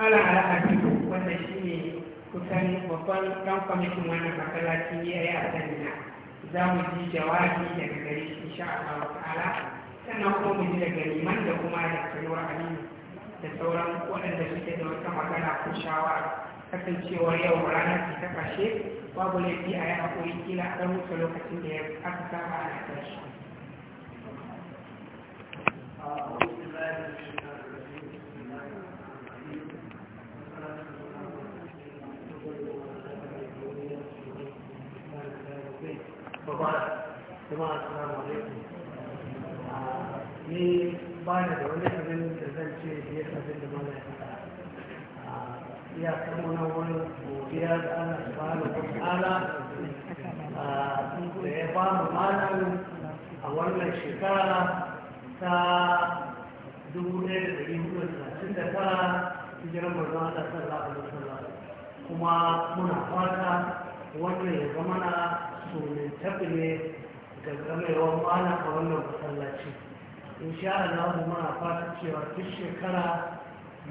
ala wannan shi kusan babban kamfani kuma wannan masallaci ya yi a sanina za mu ji jawabi daga gari shi insha Allah ta'ala sannan kuma mu ji daga liman da kuma da kalwar aminu da sauran waɗanda suke da wata magana ko shawara kasancewar yau ranar ta kashe babu laifi a yi haƙuri kila a ɗan wuce lokacin da ya aka saba a tashi. kuma assalamu alaikum ah, ni ba da wani abin da zan ce ya da mana ya ah, ya kama na wani godiya da ana ah, da ya ba mu a wannan shekara ta dubu ɗaya da ɗari hudu da talatin da tara hijiran kuma muna fata wannan ya zama na so ne tabi ne da gamewar mana a wannan masallaci sha Allah a fata cewa duk shekara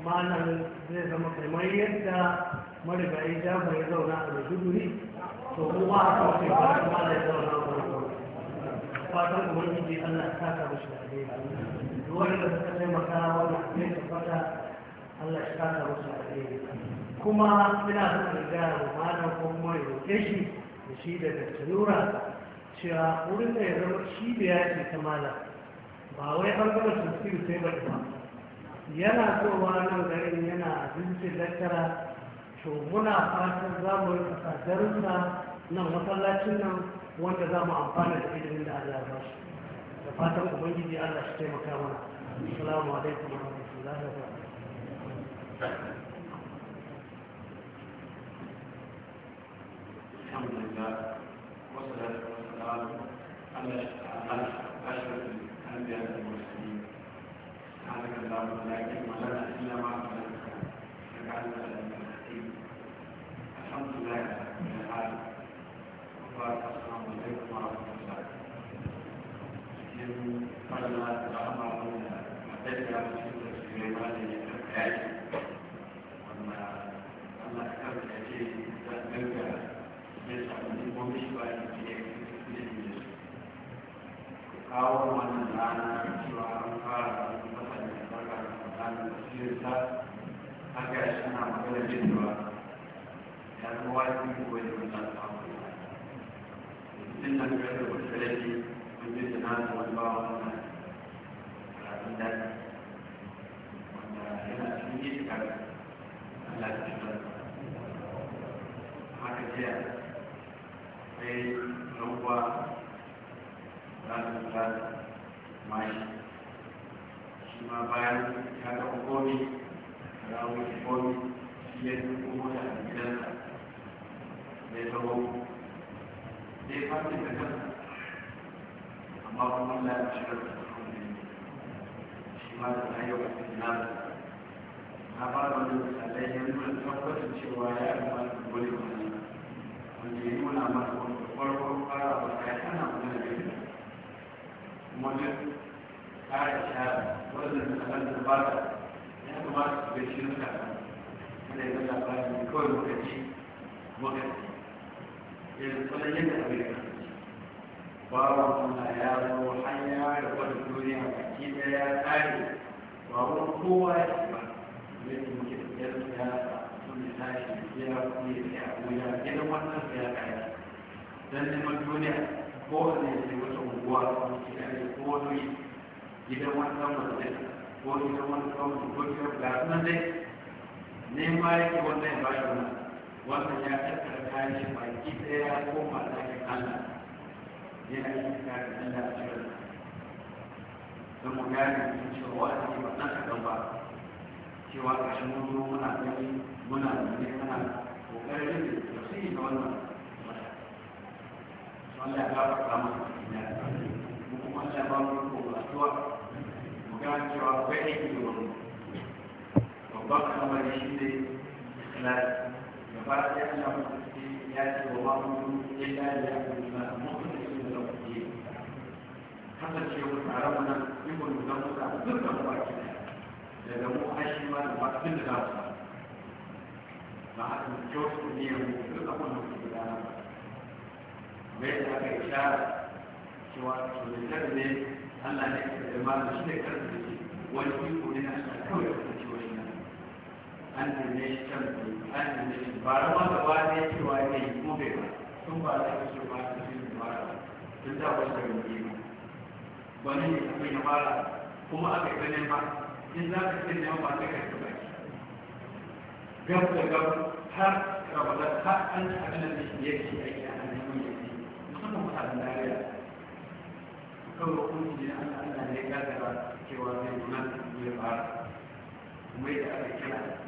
malam zai zama kamar yadda marigayi jama ya zauna a maiduguri to kuma a kawai ba su malam ya zauna a A fatan ubangiji Allah ta saka mishi da alheri duk da suka taimaka wannan ne ta fata Allah ta saka mishi da alheri kuma ina son in gaya wa malam kuma ya roƙe shi shi da da cewa wurin da ya zama ya ce ta malam ba wai an gama tafsir sai ba ba yana zowa nan garin yana abincin lattara to muna fatan za mu yi sadarsa nan masallacin nan wanda za mu amfana da ilimin da Allah ba shi da fatan ubangiji Allah shi taimaka mana assalamu alaikum wa rahmatullahi wa barakatuh الحمد لله والصلاة والسلام على أشرف الأنبياء والمرسلين سبحانك اللهم لا علم لنا إلا ما علمتنا إنك لنا العليم الحكيم الحمد لله رب العالمين وبارك السلام عليكم ورحمة الله يوم قبل أن تتعامل مع ذلك سليمان kawo wannan rana da cewa an fara wata ne barka da mutanen da shirin ta har shi ana magana cewa ya zama wajibi ko ya zama ta samu mutum na biyar da wata rage mun yi jana da wani ba wannan karatun daji wanda yana cikin yi shiga Allah ta shiga haka jiya sai ɗan uwa ko ga sunan dai nema yake wannan ya bashi wannan wannan ya tattara kayan shi baki ɗaya ya koma ɗakin Allah yana yin kayan Allah a cikin don mu gane cewa wa'azi ba nan kaɗan ba cewa ƙarshen mun zo muna gani muna gani muna ƙoƙarin da sun yi ga wannan Allah ya gafarta mana ya mu kuma Allah ya ba mu ko ba addu'a mu gane cewa akwai aiki da wani babban al'amari shi ne ikhlasi gaba ɗaya ana mutunci ya ce wa ma mutu illa ya kuma mutunci na, ne rabu ne kasancewa tare mana ikon da mu da dukkan baki daga mu ma da bakin da za su ba a kan kyautu ne ya mu duk abin da kuke gudana ba bai da aka ishara cewa tulitar ne Allah ne ke da malu shi ne karfi wani iko ne na shi kawai an nune shi can an nune shi ba da ma gaba ne cewa ya yi kuma bai ba sun ba da su ba su shi da mara sun ba da yi ba wani ne kuma ya fara kuma aka ga nema in za ka ce nema ba ta kai ba gab da gab har ramadan har an ci abin da shi aiki a nan neman yake musamman mutanen dariya kawai hukunci ne an Allah ne ya gagara cewa zai nuna ya fara kuma yadda aka kira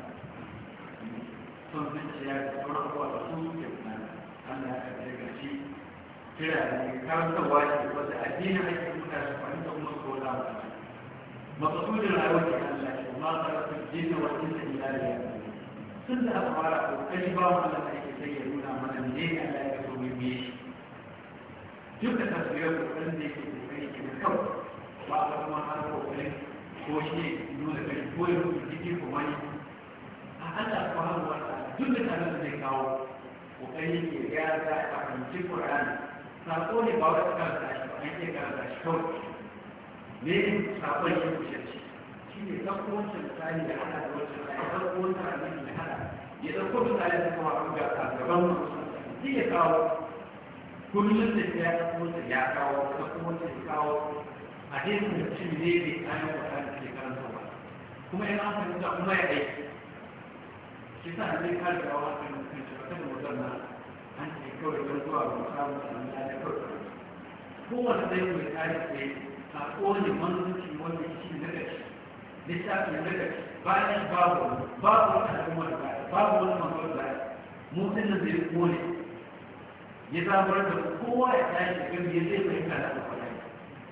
son zuciya da sauran abuwa da sun ke tunani Allah ya karfe ga shi kira ne karantarwa ce wanda addinin ake kuta shi fahimta kuma ko za mu tafi maksudin rayuwar da Allah ya ma karfe jinna wa jinna ila da ya sun da aka fara kokari ba mu Allah da yake sai ya nuna mana ne Allah ya so mu yi duk da tasiriyar kokarin da yake kokari ke da kawai ba a kuma har kokarin ko shi ne nuna kai ko ya rubuta jikin ko wani a Allah subhanahu ta ta'ala duk da kan zai kawo kokari ke ya ga a fahimci Qur'ani sako ne ba wata karanta shi an ke karanta shi kawai ne sakon ne kushirci shi ne sakon wancan misali da hana da wancan misali sakon ta misali da hana ya ɗauko misali da kuma abu ga gaban Iya zai ya kawo kullum da ya ɗauko wancan ya kawo sakon wancan ya kawo a dai mutum ne bai kayan Qur'ani ke kan ba kuma yana fahimta kuma ya aiki shi sa zai ka da wa kan kan shi da mutum na an ce kawai don zuwa ba ta mu san ya da kawai kowanne zai mai kare ke a kowane manzuki wanda shi na gaci, shi littafi na da shi bayan babu babu wata al'umma da babu wani manzo da mutum da zai kone ya zabar da kowa ya tashi gami ya zai mai fahimta da alƙalai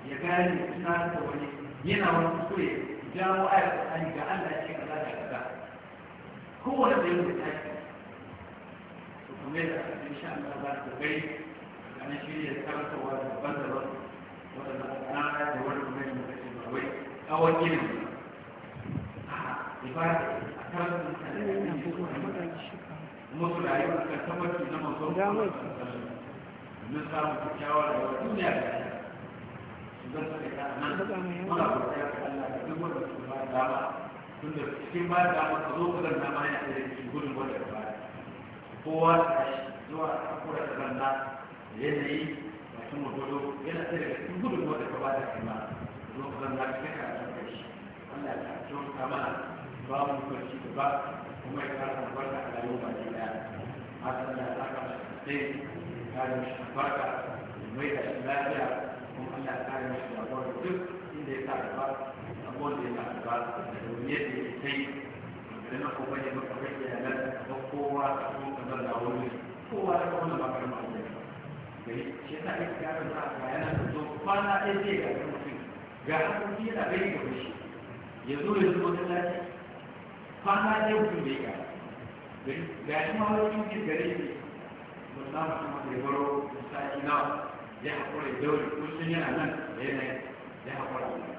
ya gane suna da wani yana wani Ya jawo ayar da ga Allah ya ce kaza da kaza kowane da yau da ta yi kuma da Allah za gai daban-daban a da wani kuma yin da ke bawai tsawon ilimi a a karantar mutane da shi kuma a kan tabbaci na domin samun kyakkyawa da duniya da ya su zan sa ka nan ya da duk su ba tunda cikin ba da maka zo ka zanna ma ya da cikin gudun wanda ba kowa ta zuwa a kura ta zanna yanayi ba shi mu gudu yana da cikin gudun wanda ka ba da kai ma zo ka zanna cikin ka da kai shi Allah ya tsaro ka mana ba mu kwanci da ba kuma ya fara albarka a rayuwa ba ne da haka da saka sai ka yi shi barka mai da lafiya kuma Allah ya kare mu da duk inda ya sa ba wanda ya ba domin yadda ya kai idan na kuma ya maka kai ya nan ga kowa a cikin kasar da wani kowa ya kuma ba ka ma wani da shi ta yi karin sa ga yana da zo kwana ɗaya ce ga mutum ga hakan yana gani ga shi ya zo ya zo wata lafiya kwana ɗaya mutum bai ga ga shi ma wani cikin gare ne musamman kuma da ya baro misali na ya haƙura ya daure kullum yana nan da yanayi ya haƙura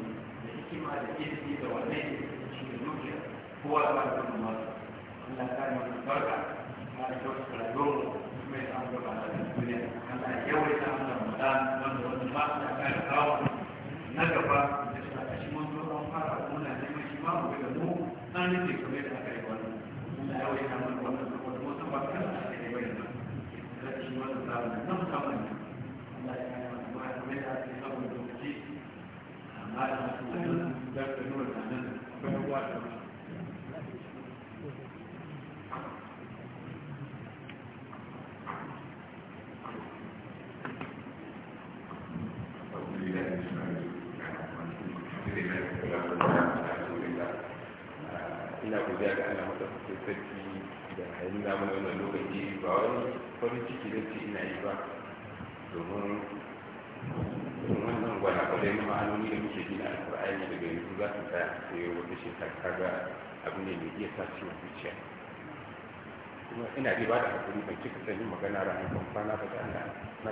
hikima da ilimi da wane shi da dukiya kowa ba da kuma masu Allah ta yi mana barka ta da kyau su rayuwar kuma ya samu gaba da duniya Allah ya yawaita mana mutan wanda wani ma ta kare kawo na gaba da shi a shi mun zo an fara muna neman shi ma mu ga mu an rike kamar da aka yi wannan Allah ya yawaita mana ciki da ce ina yi ba domin wannan gwanagwarai ma'a ma'anoni da muke gina alkur'ani daga yanzu za su tsaya sai wata shekara kaga abu ne mai iya sa ciwon zuciya kuma ina dai ba da hakuri ban cika sanin magana ranar kwamfana ba ta Allah na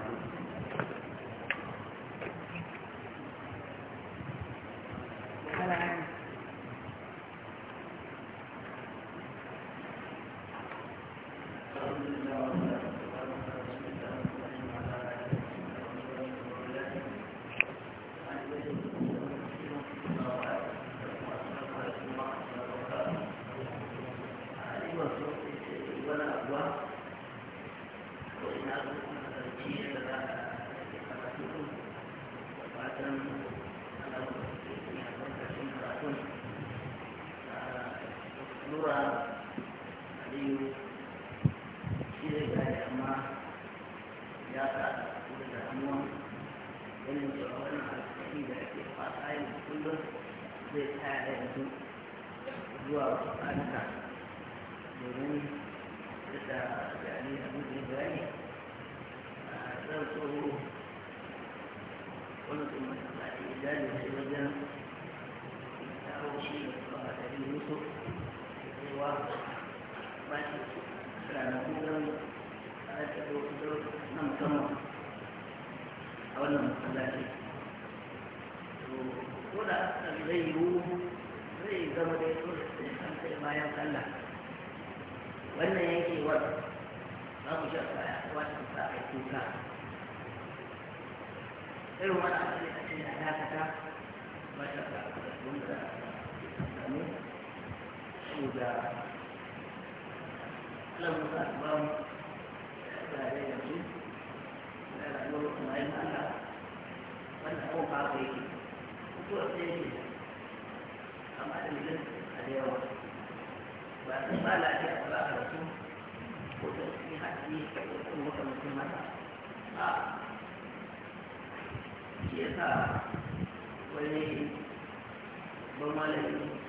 saboda alamun da imam da ya yanzu da rayuwar kuma yin Allah wanda abin ba ka yake a sai yake amma da milin a da yawa ba ta ba lafiya ba a rasu ko ta yi haɗi ko ta makamantin mata a shi yasa wani babban malami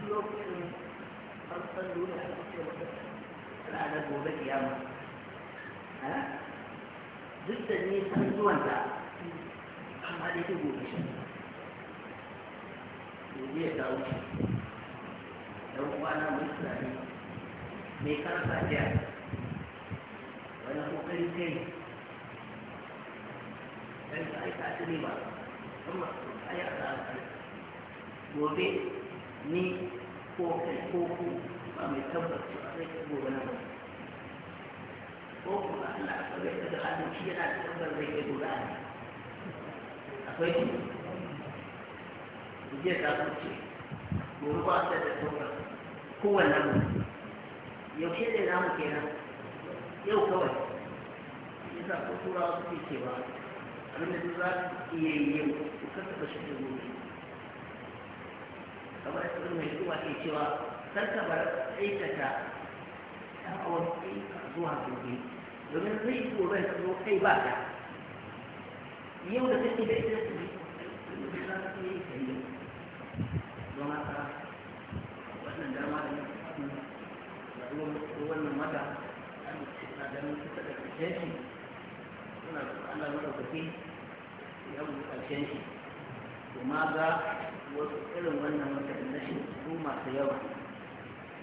ranar gobe duk da ne san zuwanta amma gobe shi gobe ya dawo shi mai mai karfa jiya wani kokari kai ka aika ta ne ba amma gobe ni ko kai ko ku ba mai tabbaci a zai kai gobe nan ko kuma Allah a kawai da hannu shi yana da tabbar zai kai gobe nan akwai ki jiya ta kuce gobe ba ta da tabbar kowanne mu yaushe ne mu kenan yau kawai yasa ko turawa suke cewa abinda duk za su iya yi yau ku kasa ba shi da gobe kamar su mai zuwa ke cewa sarka bar aikata ɗan awon zuwa gobe domin zai gobe ta zo kai ba ta yau da kake da ita su ne za yi kai yau don haka wannan dama da na fi wannan mata an na ganin kusa da ƙarshen shi suna da Allah madaukaki ya mu ƙarshen shi kuma ga wasu irin wannan mutane na shi su masu yawa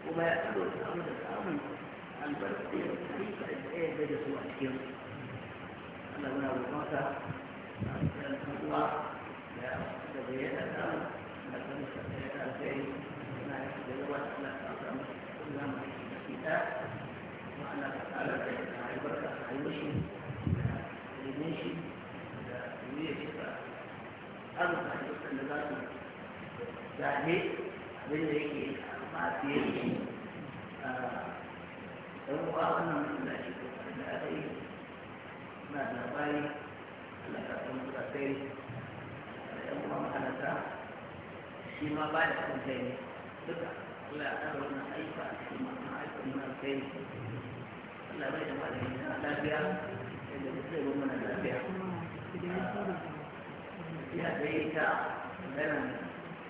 kuma ya tsaro samu da samun albarkar harika da tsaye da da su a cikin Allah muna roƙonsa a cikin kuwa da da bayyana da da kan sa da ya alkai na da yawa Allah ta samu kuma mai da fita kuma Allah ta tsara da albarka a yi shi da ilimin shi da shi ta arzuta da za su gane abin da yake amma fiye da ah, wannan da aka yi na labari ah, shi ma ba da ne duka a cikin wannan aika na kai Allah bai da lafiya yadda ba zai lafiya. Ah, ya dai ta ganin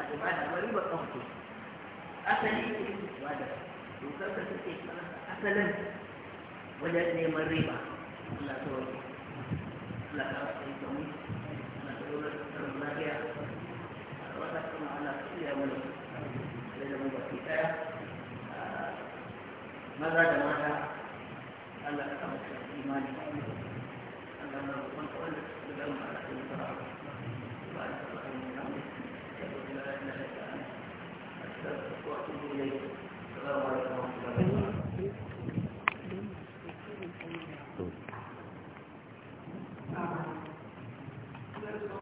ba ibada ba riba asali ne ita ibada take asalin wajen neman riba Allah ta wani Allah ta wani ta wani Allah ta wani ta wani wata kuma da da mu ba maza da mata Allah ta wani imani Allah na wanda ta somewhere